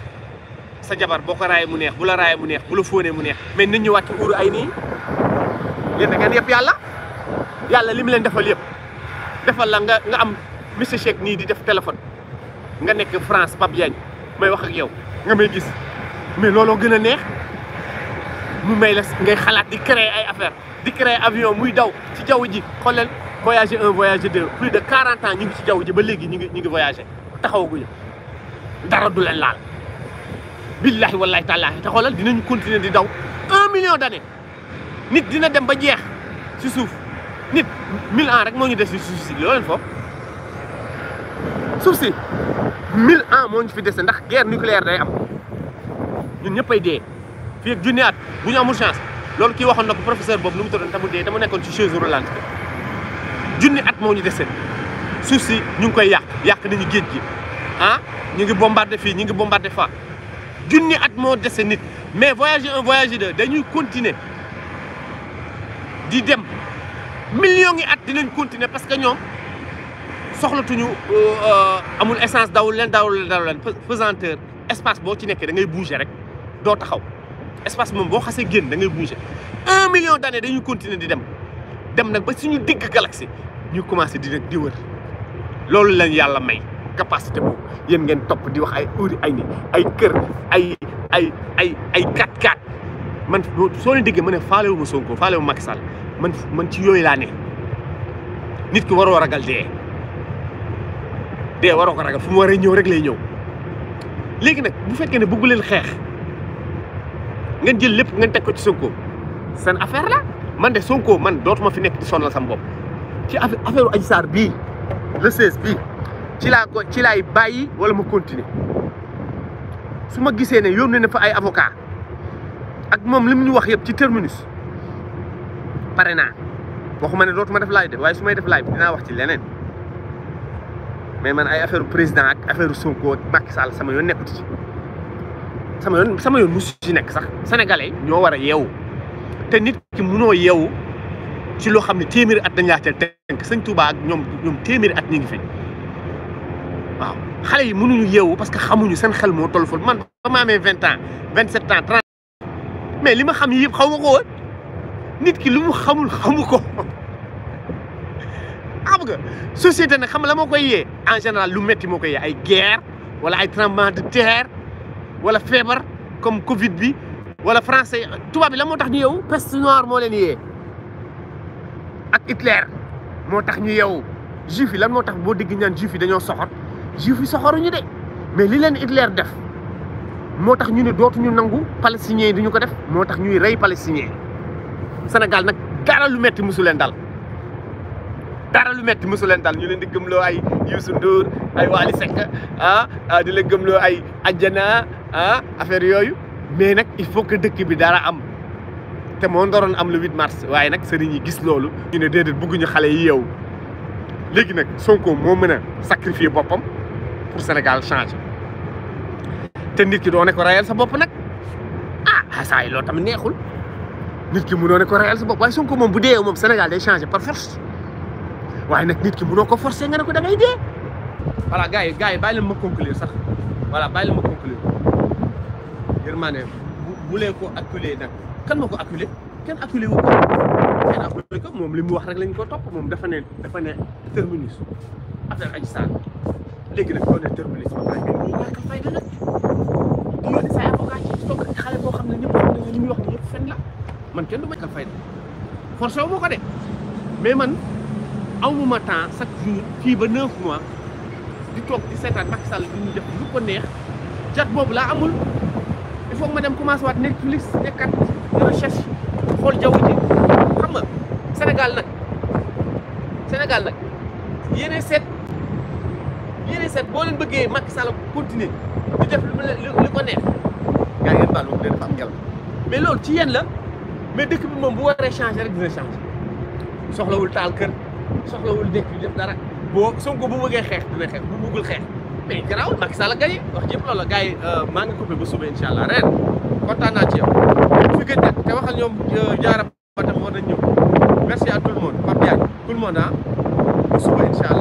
sa jabar boko rayé mu neex bu la rayé mu neex bu la foné mu neex mais nit ñu wacc uru ay ni yéen da ngeen yalla yalla lim leen defal defal la nga nga am monsieur cheikh ni di def téléphone nga nekk France Pape Diagne may wax ak yow nga may gis mais looloo gën a neex mu may la ngay xalaat di créer ay affaire di créer avion muy daw ci jaw ji xoolal voyager un voyager deux plus de 40 ans ñi ngi ci jaww ji ba léegi ñu ngi ñu ngi voyager taxawaguñu dara du leen laal. billahi wallahi taalaahi te xoolal dinañu continuer di daw un million d'années nit dina dem ba jeex si suuf nit mille ans rek moo ñu des ci si loo leen souci mille ans fi guerre nucléaire day am ñun ñëppay dee ak une chance loolu ce que le professeur Bob, nous mu tuddoon tamu dee dama ci chaise roulante bi at moo ñu dese suuf ñu ngi koy ah ñu ngi nous mais voyager un voyager de, nous continuer di millions de at dinañ continuer parce que nous. tuñu euh, amul essence dawul len dawul leen dawul len pesanteur espace bo ci nekkee da ngay bouger rek do taxaw espace mom bo xasse génn da ngay bouger 1 million d'années dañu continuer di dem dem nak ba suñu digg galaxy ñu commencé di nag di wër loolu lañ yalla may capacité bu yeen ngeen top di wax ay ouri ay ni ay kër ay ay ay ay kat kat man so leen déggee mané ne wu ma Sonko faalewu wu makissal man man ci yoy la né nit ki waro ragal dé dee waroo ko ragal fu mu waree ñëw rek lay ñëw léegi nag bu fekkee ne bëggu leen xeex nga jël lépp nga teg ko ci Sonko seen affaire la man de Sonko man dootuma fi nekk di sonal sam bopp ci affaire affaire Adji Sarr bii le 16 bii ci laa ko ci wala ma continue su ma gisee ne yónnee na fa ay avocat ak moom li mu ñu wax yëpp ci terminus pare naa waxuma ne dootuma def live de waaye su may def bi dinaa wax ci leneen. mais man ay affaire président ak affaire Sonko ak Macky Sall sama yoon nekuti ci sama yoon sama yoon musu ci nek sax sénégalais ño wara yew te nit ki mëno yew ci lo xamni témir at dañ la té tank sëñ Touba ak ñom ñom témir at ñi ngi fi waaw xale yi mënu ñu yew parce que xamuñu seen xel mo tollu ful man ba ma amee vingt ans 27 ans 30 mais lima xam yi xawmako ma nit ki lu mu xamul xamuko xam ah, nga société nag xam la moo koy yee en général lu métti moo koy yee ay guerre wala ay tremblement de terre wala feebar comme Covid bi wala français tubaab bi la moo tax ñu yeewu peste noire moo leen yee ak Hitler moo tax ñu yeewu juif yi lan moo tax boo dégg ñaan juif yi dañoo soxor juif yi soxoruñu de mais li leen Hitler def moo tax ñu ne dootuñu nangu palestiniens yi duñu ko def moo tax ñuy rey palestiniens Sénégal nag dara lu métti mosu leen dal dara lu metti mosu leen dal ñu leen di gëmloo ay Youssou Ndour ay Wally Seck ah, ah di leen gëmloo ay ajana ah affaire yooyu mais nag il faut que dëkk bi dara am te moo ndoroon am le 8 mars waaye nag sëriñ yi gis loolu ñu ne déedéet bëgguñu xale yi yow léegi nag Sonko moo mën a sacrifier boppam pour Sénégal changer te nit ki doo ne ko rayal sa bopp nag ah, ah saa yi loolu tamit neexul nit ki mënoo ne ko rayal sa bopp waaye Sonko moom bu dee moom Sénégal day waaye nag nit ki mënoo ko forcer nga ne ko da ngay dee voilà gars yi gars yi bàyyi leen ma conclure sax voilà bàyyi leen ma conclure yërmande bu leen ko acculé nag kan ma ko acculé kenn acculé wu ko kenn moom li mu wax rek lañ ko topp moom dafa ne dafa ne terminus affaire Adji Sarr léegi nag doo ne terminus ba pare a fayda nag xam ne ñëpp xam nañ li muy wax ni yëpp man kenn du ma ñàkk a fayda forcé de mais man awuma temps chaque jour fii ba neuf mois di toog di seetaan Macky Sall di def lu ko neex jot boobu laa amul il faut ma dem commencé waat Netflix nekkat recherche xool jaww ji xam nga Sénégal nag Sénégal nag yéene seet yéene seet boo leen bëggee Macky Sall continuer di def lu ko neex gaa ngeen baal moom leen fa am ngelaw mais loolu ci yéen la mais dëkk bi moom bu waree changer rek dina changer soxlawul taal kër soxlawul nekk di def dara boo Sonko bu bëggee xeex dina xeex bu bëggul xeex mais garaawul Macky Sall gaye wax jëpp loolu la yi euh, maa ngi coupé ba suba incha allah ren kontaan naa ci yow fi gën nekk te waxal ñoom jaara euh, ba tam war nañ ñëw merci a tout le monde Pape ah. ba suba incha